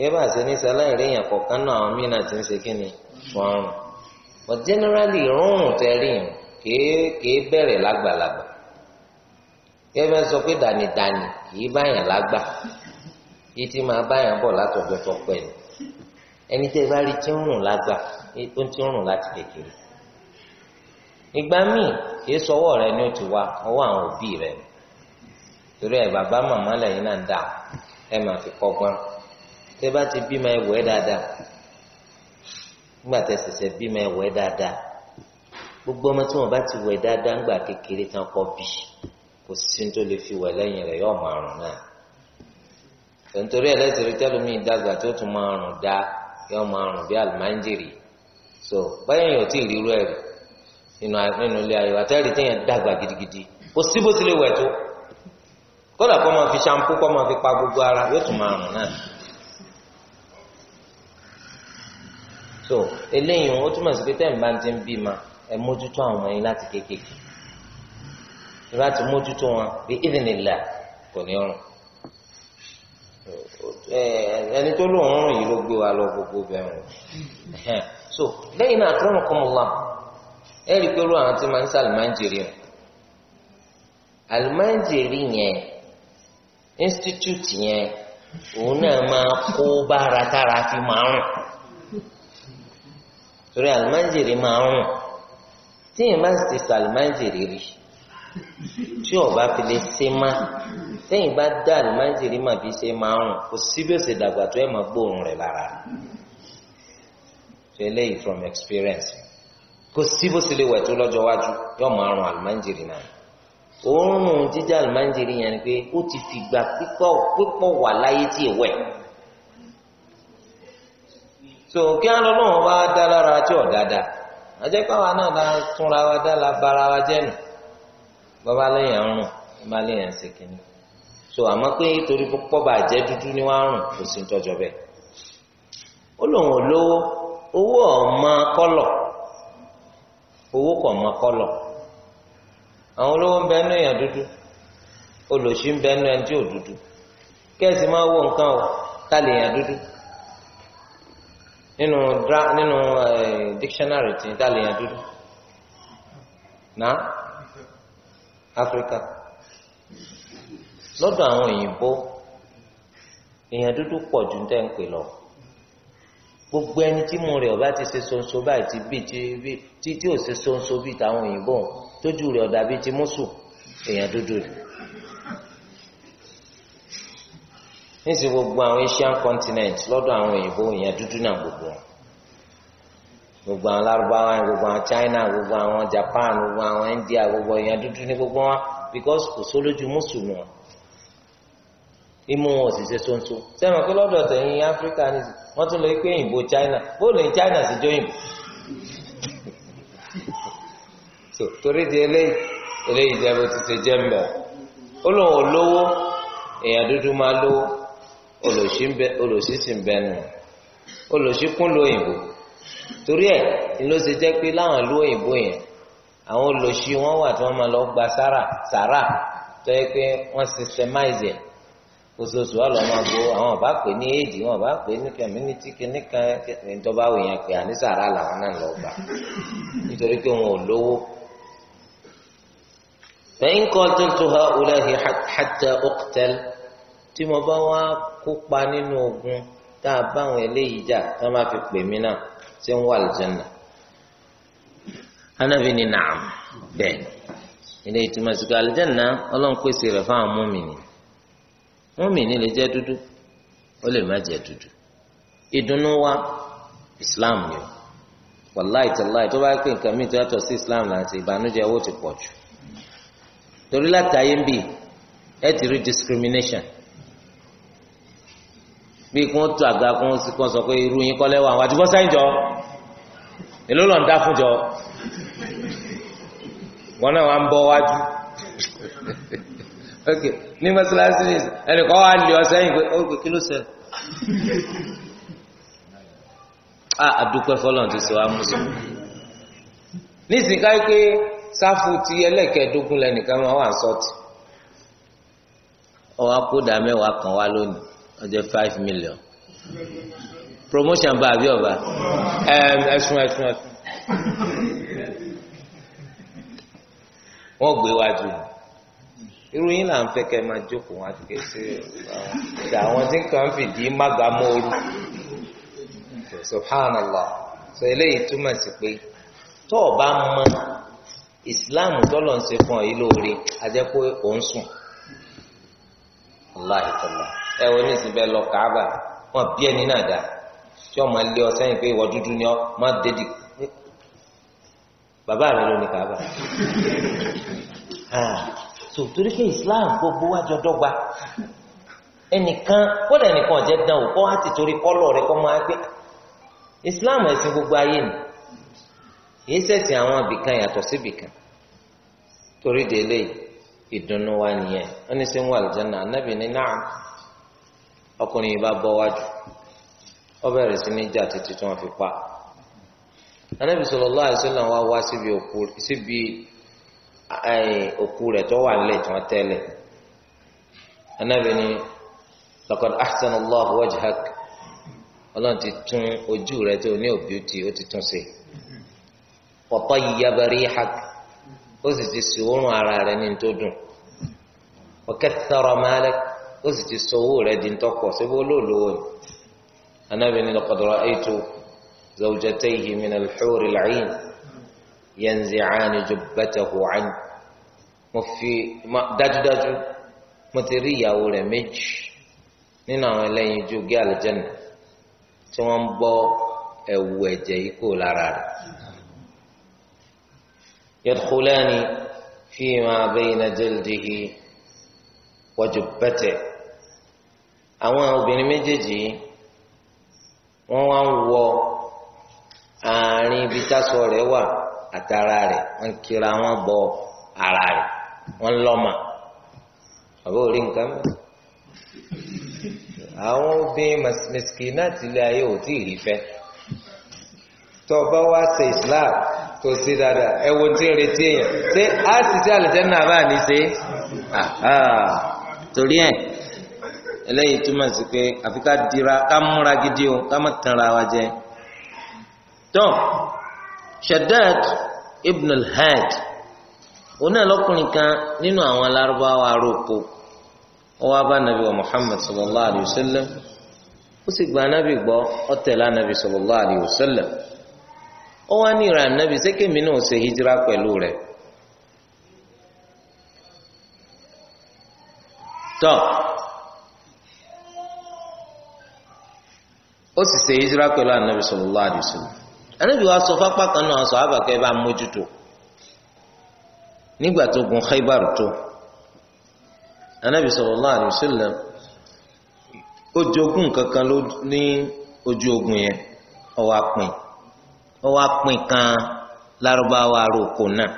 yẹ bá ṣe níṣe láìrí èèyàn kọ̀ọ̀kan náà àwọn mìíràn ti ń ṣe kí ni wọ́n rùn but generally rùn tẹ́rì yìí kèé kèé bẹ̀rẹ̀ lágbàlagbà yẹ bá sọ pé dànìdànì kì í báyàn lágbà yìí ti máa báyàn bọ̀ látọ̀gbẹ́tọ̀ pẹ̀lú ẹni tẹ́ bá rí tí ń rùn lágbà tó ti ń rùn láti kékeré ìgbà míì kìí sọwọ́ rẹ ni ó ti wá ọwọ́ àwọn òbí rẹ torí ẹ bàbá màmá lẹ́yìn náà dà ẹ máa fi kọ́gbọ́n tẹ́ bá ti bímọ ẹwọ ẹ dáadáa nígbà tẹ́ ṣẹ̀ṣẹ̀ bímọ ẹwọ ẹ dáadáa gbogbo ọmọ tí wọn bá ti wẹ dáadáa ńgbà kékeré tán kọ bí kò sí tó lè fi wẹ lẹ́yìn rẹ yóò máa rùn náà tòǹtòrí ẹ lẹsìrì tẹlómi ìdàgbà tó tún máa rùn dáa yóò máa rùn bí àlùmáńjìrì so báyẹn yóò tí ì rírú ẹ̀rù nínú nínú ilé ayé àtẹ́rì téèyàn dàgbà gidigidi kò sí bó tilẹ̀ wẹ̀ tó kódà kó máa fi ṣampú kó máa fi pa gbogbo ara yóò tún máa rùn náà so eléyìí ó túmọ̀ sí pé tẹ́ ń bá ti ń bí ma ẹ mójútó àwọn ẹyin láti kéékèèké ìbá mójútó wọn bí ìdìnnìlà kò ní ọrùn ẹni tó lò ń rìn yìí ló gbé wa lọ gbogbo bẹ̀rù so lẹ́yìn náà akérò kọ́ mu wá ẹ rí i pé irú àwọn tí máa ń sá àlùmáńjèrè o àlùmáńjèrè yẹn institute yẹn òun náà máa kó bára tára fi máa rùn torí àlùmáńjèrè máa rùn tí èèyàn bá sì ti sàlùmáńjèrè rí i tí ọba fi lè ṣe má sẹ́yìn bá dá àlùmájìrì mà bí ṣe máa rùn kò sí bí ó ṣe dàgbà tó ẹ̀ máa gbóòórùn rẹ̀ lára ṣe eléyìí from experience kò sí bó ṣe lè wẹ̀ tó lọ́jọ́ wájú yóò máa rùn àlùmájìrì náà òórùn jíjá àlùmájìrì yẹn ni pé ó ti fìgbà pípọ̀ pípọ̀ wà láyé tí ì wẹ̀ so kí á lọ́lọ́run bá dá lára tí ò dáadáa àjẹpáwa náà túnra wa dá la bara wa jẹ́ nù. bàbá lẹ́yìn ọrùn bàbá lẹ́yìn ẹsẹ̀ so àmọ́ pé torí púpọ̀ bá jẹ́ dúdú ní wàá rùn kò sí tọ́jọ́ bẹ́ẹ̀ ó lòun ò lówó owó ọ̀mọ kọ́lọ̀ owó kọ̀ mọ kọ́lọ̀ àwọn olówó ń bẹ nú èèyàn dúdú olòṣì o ta lè yàn dúdú nínú dra nínú ẹ eh, tí lè yàn áfíríkà lọ́dọ̀ àwọn òyìnbó èèyàn dúdú pọ̀ ju tẹ́ ń pè lọ gbogbo ẹni tí mo rẹ̀ ọba ti ṣe sonso báyìí ti bí tí tí ò ṣe sonso bíi táwọn òyìnbó tójú rẹ̀ ọ̀dà bíi ti mùsù èèyàn dúdú rẹ̀ níṣẹ́ gbogbo àwọn Asian continent lọ́dọ̀ àwọn òyìnbó èèyàn dúdú náà gbogbo wọn gbogbo àwọn Lárúbáwá yẹn gbogbo àwọn China gbogbo àwọn Japan gbogbo àwọn India gbogbo èèyàn dúdú ní gbogbo wọn because kò sólójú mùsùlùmí wọn imú wọn sì ṣe ṣonṣo sẹ́wọ̀n pé lọ́dọ̀ tẹ̀yìn Áfíríkà ni wọ́n tún lọ pé òyìnbó China bóòlù ní China sì jó òyìnbó *laughs* torí di eléyìí eléyìí jẹ́ bó ti ṣe jẹ́ mbẹ́ ó lóun ò lówó èèyàn dúdú máa lówó olùsí sì ń bẹnu olùsí kún lóyìnbó torí ẹ̀ ni ló ṣe jẹ́ pé láwọn ìlú òyìnbó yẹn àwọn olóṣì wọn wà tí wọ́n máa lọ gba sára sára tó yẹ pé wọ́n systemize ẹ̀ oṣooṣù ọlọ́ máa gbó àwọn ọba pè ní éèdì wọn ọba pè ní community kìnnìkan ìjọba òyìn pé àní sàrà làwọn náà lọ gbà nítorí pé wọn ò lówó. fẹ́yìn kọ́tún tó ha ọlẹ́hìn hàtà ọ̀kẹ́tẹ́l tí mo bá wá kópa nínú ogun tá a bá àwọn eléyìí jà tá a máa fi pè mí náà. ṣé ń wà lùjẹ́nà anabi ni naam bẹ́ẹ̀ ilé ìtumọ̀ sí pé àlùjẹ́nà ọlọ́run pèsè rẹ̀ fáwọn múmìnì múmìnì lè jẹ́ dúdú ó lè má jẹ́ dúdú wa islam ni o wàláì tàláì tó bá pè nǹkan mìíràn tó yàtọ̀ sí islam láti ìbànújẹ́ owó ti pọ̀ jù torí látàyé ń bì ẹ ti discrimination bí kò tó àga kó kó sọ pé irú yín kọ́lẹ́ wà wọ́n àti bọ́sẹ̀ ń jọ èló lọ́n dá fún jọ wọn náà wà ń bọ́ wájú *laughs* ok ní mọ́sálásí ẹnìkan wà lé ọ sẹ́yìn pé ó kí ló sẹ́yìn *laughs* a ah, àdúpẹ́ fọlọ́n ti sọ amúsùn nísìnyíká pé sáfù ti ẹlẹ́kẹ̀ẹ́dógún lẹ́nìkan máa wà ń sọ́ọ̀tì ọwọ́ akódà mẹ́wàá kan wá lónìí ó five million promotion bá àbí ọba ẹ̀sùn ẹ̀sùn ẹ̀sùn wọ́n gbé wájú irú yín là ń fẹ́ kẹ́ máa jókòó wọn àti kẹ́ ṣe àwọn tí nǹkan fìdí mágàmóoru subhanallah sọ eléyìí túmọ̀ sí pé tó o bá mọ islam tọ́lọ̀ ń ṣe fún ọ yìí lóore a jẹ́ pé ò sùn aláìtọ́lá ẹ wo ní ìsìn bẹ́ẹ̀ lọ kàába wọn bí ẹni náà dá tí ọmọ ilé ọ pé ìwọ dúdú ni ọ má dédì bàbá rẹ ló ní kàába ah, so torí pé Islam gbogbo wa jọ dọ́gba ẹnìkan kódà ẹnìkan ọ̀jẹ̀ dán o wá ti torí kọ́lọ̀ rẹ kọ́ máa gbé Islam gbogbo ayé ni èyí sẹ̀sìn àwọn abìkan yàtọ̀ síbìkan torí délé ìdùnnú wa nìyẹn ọkùnrin yìí bá bọ́ wájú ó bẹ̀rẹ̀ sí ní jà títí tí wọ́n fi pa anabi sallallahu alaihi wasallam wá wá síbi òkú síbi òkú rẹ̀ tó wà nílẹ̀ tí wọ́n tẹ́lẹ̀ anabi ni laqad ahsana Allahu wajhak Ọlọ́run ti tún ojú rẹ̀ tó ní òbí ti ó ti tún ṣe wa tayyaba rihak ó sì ti sòórùn ara rẹ̀ ní tó dùn wa kaththara ó sì ti sọ owó rẹ̀ di ntọ́kọ̀ síbi olóòlówó ni anábì ní laqad ra'aytu zawjatayhi min al-hur al-'ayn yanzi'ani jubbatahu 'anhu mo fi ma dájúdájú mo ti rí ìyàwó rẹ̀ méjì nínú àwọn ẹlẹ́yin ju gé àlùjẹ́nà tí wọ́n ń bọ́ ẹ̀wù ẹ̀jẹ̀ yìí kò lára rẹ̀. yadkhulani na bayna jildihi wa jubbatihi. àwọn obìnrin méjèèjì wọ́n wá ń wọ àárín ibi tásọ rẹ̀ wà àtàrà rẹ̀ wọ́n kíra wọn bọ ara rẹ̀ wọ́n lọ́mà àbó orí nǹkan mọ́ àwọn obìnrin mẹsìkì náà ti lé ayé ò tí ì rí fẹ́ tó o bá wá ṣe Islam tó ṣe dáadáa ẹ wo tí ń retí èèyàn ṣé a sì ṣe àlùjẹ́ náà bá ní ṣe torí ẹ̀ eléyìí túmọ̀ sí pé àfi ká dira ká múra gidi o ká má tanra wa jẹ. tó Shaddad ibn al-Had òun náà lọ́kùnrin kan nínú àwọn alárúbáwá aróko ó wá bá nàbí wa Muhammad sallallahu alayhi wa sallam ó sì gba anábì gbọ́ ó tẹ̀lé anábì sallallahu alayhi wa sallam ó wá ní ìran anábì sékèmí náà ṣe hijira pẹ̀lú rẹ̀. tó ó sì ṣe hijira pẹ̀lú anabi sallallahu alaihi wasallam anabi wa sọ fápá kan náà sọ abàkẹ́ bá mójútó nígbà tó gun Khaybar tó anabi sallallahu alaihi wasallam ó jogún kankan ló ní ojú ogun yẹn ọwọ́ apin ọwọ́ apin kan lárúbáwá aróko náà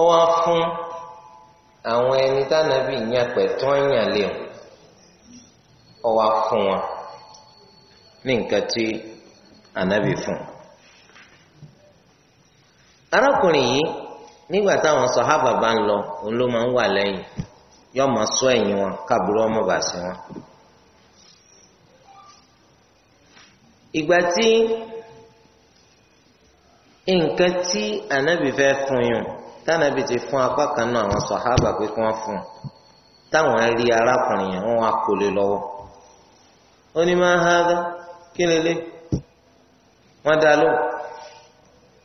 ọwọ́ fún àwọn ẹni tánàbí yàn pẹ̀ tó ń ọwọ́ fún wọn ní nǹkan tí ànábì fún. arákùnrin yìí nígbà táwọn bá ń lọ òun ló máa ń wà lẹ́yìn yóò máa wọn ọmọ bá sí wọn. ìgbà tí nǹkan tí fẹ́ fún yùn tánàbì ti fún apá kan náà fún un táwọn rí arákùnrin yẹn wá kólé ó ní máa ha dá kí lélẹ̀ wọ́n dá lò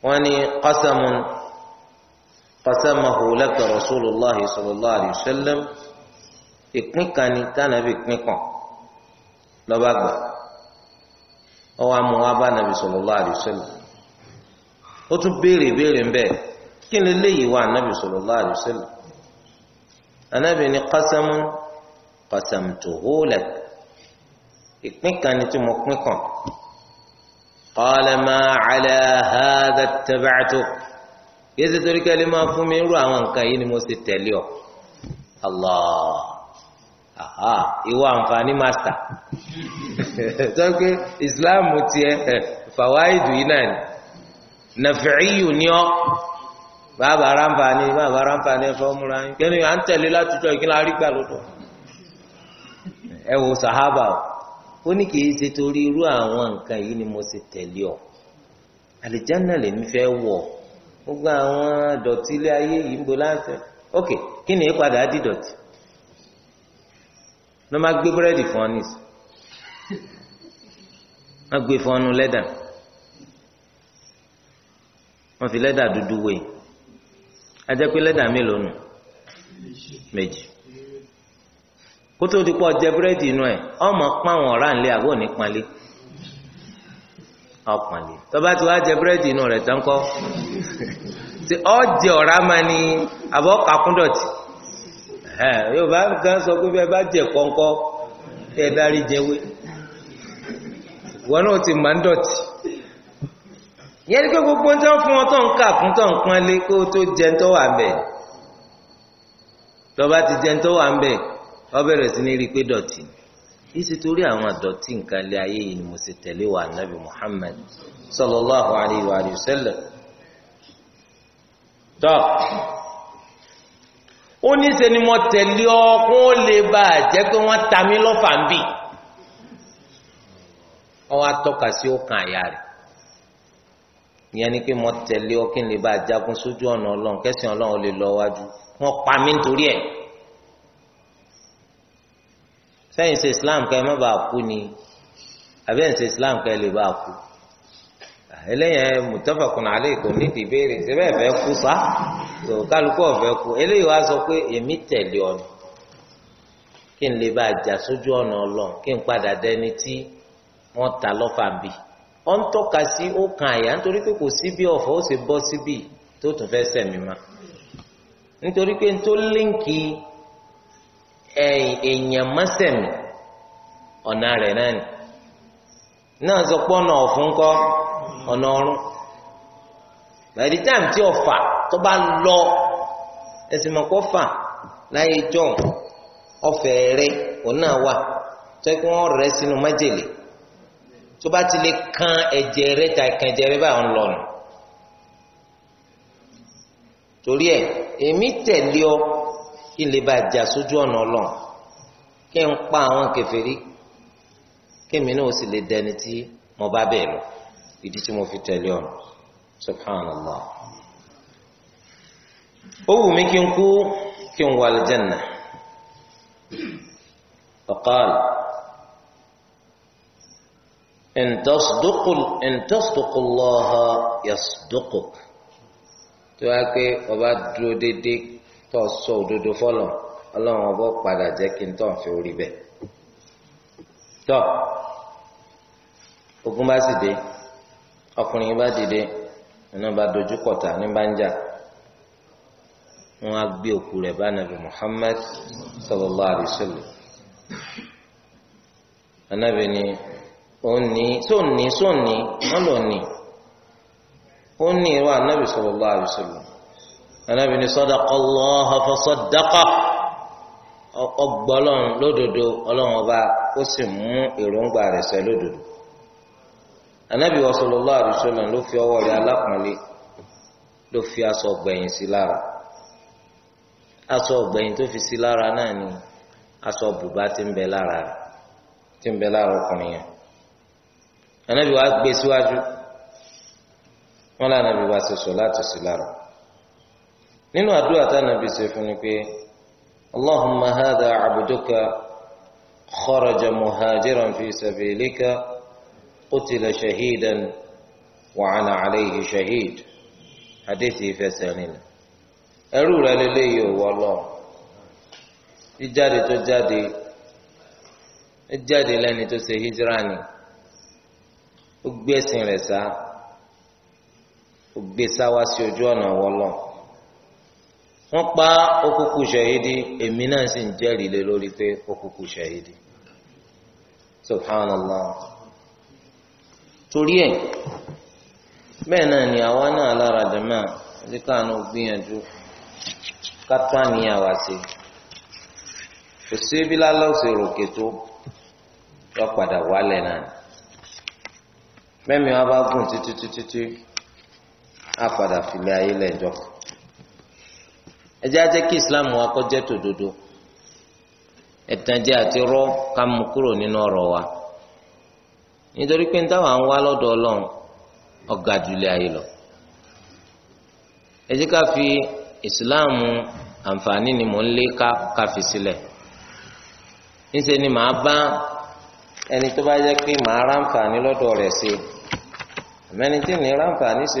wọ́n ní qasamun qasamahu laka rasulillah sallallahu alayhi wa sallam ìpín kan ní tànàbí ìpín kan lọ́ba gbà ọwọ́ amú wa bá nàbí sallallahu alayhi wa sallam ó tún béèrè béèrè ń bẹ́ẹ̀ kí ni léyìí wá anabi sallallahu alayhi wa sallam anabi ni qasamun qasamtuhu laka ìpín kan ni tí mo pín kàn qala ma ala hadha ttaba'tu yé ṣe torí kẹ́lẹ́ máa fún mi irú àwọn nǹkan yìí ni mo ṣe tẹ̀lé ọ allah aha ìwọ àǹfààní mástà *laughs* sọ pé islam tiẹ̀ fàwáìdù yìí náà ni nàfẹ̀ẹ́yù ni ọ́ bàbá aráǹfààní bàbá aráǹfààní ẹ̀fọ́ múra yín kẹ́ni à ń tẹ̀lé látijọ́ ìkíni arígbà lọ́dọ̀ ẹ wò sàhábà o. ó ní kì í ṣe torí irú àwọn nǹkan ni mo ṣe tẹ̀lé ọ àlìjáná lèmi fẹ́ wọ̀ gbogbo àwọn dọ̀tí ilé ayé yìí ń bo láǹfẹ̀ ok kí ni ìpadà á di dọ̀tí lọ́ máa gbé búrẹ́dì fún ọ nísì wọ́n gbé fún fi lẹ́dà dúdú ajẹ́ pé lẹ́dà mélòó kó tó di pọ̀ jẹ búrẹ́dì inú ẹ̀ ọmọ pàwọn ọ̀rá ńlẹ̀ àbọ̀ ní pọ́nlé ọ̀pọ̀nlé tó bá ti wá jẹ búrẹ́dì inú rẹ̀ tán kọ́ tí *laughs* ọ jẹ ọ̀rá máa ní àbọ̀ kakúndọ̀tì yóò bá gán sọ pé bẹ́ẹ̀ bá jẹ kọ́ńkọ́ ẹ bá jẹwé wọn náà ti máa ń dọ̀tì yẹn ni pé gbogbo ń tán fún ọ tó ń kà fún tó ń pọ́nlé kó tó jẹ ń tó wà ń bẹ̀ tó ti jẹ ń tó wà ń bẹ̀ wọ́n bẹ̀rẹ̀ sí ní rí i pé dọ̀tí ìsì torí àwọn àdọ̀tí nǹkan lé ayé yìí ni mo sì tẹ̀lé wa nabi Muhammad sallallahu alayhi wa sallam. tọ́ ó ní ṣe ni mo tẹ̀lé ọ kó lè bá a jẹ́ pé wọ́n ta mí lọ́fà ń bì ọ wá tọ́ka sí ọkàn àyà rẹ̀ ìyẹn ni pé mo tẹ̀lé ọ kí n lè bá a jagun sójú ọ̀nà ọlọ́run kẹ́sìn ọlọ́run lè lọ wájú wọ́n pa mí nítorí ẹ̀. sẹ́yìn ṣe islam kẹ́ ẹ má bàa kú ni àbẹ́yìn ṣe islam kẹ́ ẹ lè bàa kú eléyìí mutafakun alẹ́ kò ní dìbéèrè síbẹ̀ fẹ́ kú sá tó kálukú ọ̀fẹ́ kú eléyìí wá sọ pé èmi tẹ̀lé ọ kí n lè bá a jà sójú ọ̀nà ọlọ́run kí n padà dẹni tí wọ́n ta lọ́fà bì ọ́ ń tọ́ka sí ó kan àyà nítorí pé kò ó sì bọ́ tó tún fẹ́ sẹ̀mí ma nítorí pé n tó èèyàn mọ́sẹ̀mì ọ̀nà rẹ̀ náà ni náà sọ pé ọ̀nà ọ̀fun kọ́ ọ̀nà ọ̀run by the time tí ọ̀fà tó bá lọ ẹ̀sìn mọ̀kọ́ fà láyé john ọ̀fẹ́ rẹ̀ òun náà wà tó kí wọ́n rẹ̀ sínú májèlé tó bá ti lè kan ẹ̀jẹ̀ rẹ̀ ta ìkan ẹ̀jẹ̀ rẹ̀ báyọ̀ ń lọ nù torí ẹ̀ èmi tẹ̀lé ọ kí n lè bá jà sójú ọ̀nà ọlọ́run kí n pa àwọn kèfèrí kí èmi náà sì lè dẹni tí mo bá bẹ̀ lọ ìdí tí mo fi tẹ̀lé ọ̀nà subhanallah. ó wù mí kí n kú kí n wà lìjẹ́nà ọ̀qaal in tasduqu tó wá pé ọba dúró déédéé tó sọ òdodo fọlọ ọlọ́run ọbọ padà jẹ́ kí n tọ̀ fi orí bẹ̀ tọ́ ogun bá sì dé ọkùnrin bá dìde iná bá dojú kọta ní bánjà wọn á gbé òkú rẹ̀ bá nàbì Muhammad sallallahu alaihi wasallam anabi ni òní sóòní sóòní wọn lò ní òní irú anabi sallallahu alaihi wasallam anábì ní sadaqallaha fasaddaqa ọgbọ́lọ́run lódodo ọlọ́run ọba ó sì mú èròǹgbà rẹ̀ ṣẹ lódodo anábì wa sallallahu alaihi wasallam ló fi ọwọ́ rẹ̀ alápọ̀nlé ló fi aṣọ ọgbẹ̀yìn sí lára aṣọ ọgbẹ̀yìn tó fi sí lára náà ni aṣọ bùbá ti ń bẹ lára rẹ̀ ti ń bẹ lára ọkùnrin yẹn anábì wa gbé síwájú wọn lànà bí wàá ṣe sọ láti sí lára nínú àdúrà tá nàbì ṣe fún ni pé allahumma hadha abduka kharaja muhajiran fi sabilika qutila shahidan wa ana alayhi shahid hadithi ìfẹsẹ̀ nínú ẹrú rẹ lélẹyìí ò wọlọ jíjáde tó jáde jáde lẹni tó ṣe hijira ó gbé ẹ̀sìn rẹ̀ sá ó gbé sáwá sí ojú ọ̀nà wọlọ́ọ̀ wọ́n pa okùnkù ṣẹ̀yìdì èmi náà sì ń jẹ́rìí lé lórí pé okùnkù ṣẹ̀yìdì subhanallah torí ẹ̀ bẹ́ẹ̀ náà ni àwa náà lára dàmà ẹ̀díkàánú gbìyànjú kátó àníyàn wá sí kò sí bí lálọ́ sí ròkè tó yọ padà wálẹ̀ náà mẹ́mi wa bá gùn títí títí á padà filẹ̀ ayé lẹ́jọ́ kan. ẹ jẹ́ kí islam wa kó tòdodo ẹ̀tànjẹ́ àti rọ́ ká mú wa nítorí pé nwa ń wá lọ́dọ̀ ọlọ́run ayé lọ ẹ fi islam àǹfààní ni mò ń lé ká ká ni màá bá ẹni tó bá jẹ́ pé màá ráǹfààní lọ́dọ̀ rẹ̀ sí i tí ní ráǹfààní ṣe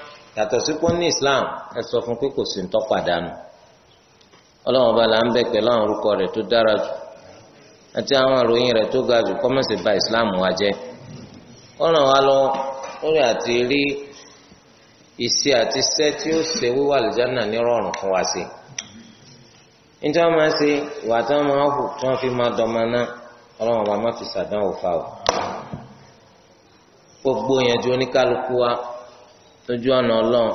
yàtọ̀ sí pé ní islam ẹ sọ fún pé kò sí ntọ́ ọlọ́run ọba là ń bẹ̀ pẹ̀lú àwọn orúkọ rẹ̀ tó dára jù àti àwọn àròyìn rẹ̀ tó ga jù kọ́mọ̀sì ba islam wa jẹ́ lọ lórí rí àti tí ó ṣe wíwà ní rọrùn fún wa sí níta máa ṣe ìwà tí wọn máa hù tí wọn fi máa dọmọ náà ọlọ́run sójú ọ̀nà ọlọ́run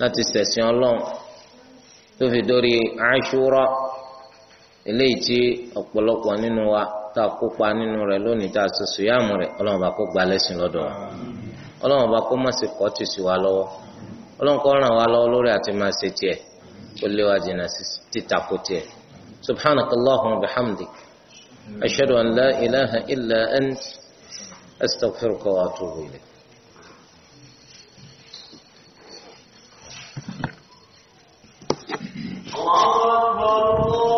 láti ṣẹ̀sìn ọlọ́run tó fi dórí Àṣúrà eléyìí tí ọ̀pọ̀lọpọ̀ nínú wa tá a kópa nínú rẹ̀ lónìí tá a soso yáàmù rẹ̀ ọlọ́run bá kó gba lẹ́sìn lọ́dọ̀ wa ọlọ́run bá kó má ṣe kọ́ tì sí wa lọ́wọ́ ọlọ́run kó ràn wá lọ́wọ́ lórí àti máa ṣe tiẹ̀ kó lé wa jìnnà sí títàkó tiẹ̀ subhanakallahumma wa bihamdik ashhadu an la ilaha illa ant wa atubu ilayk. Allah,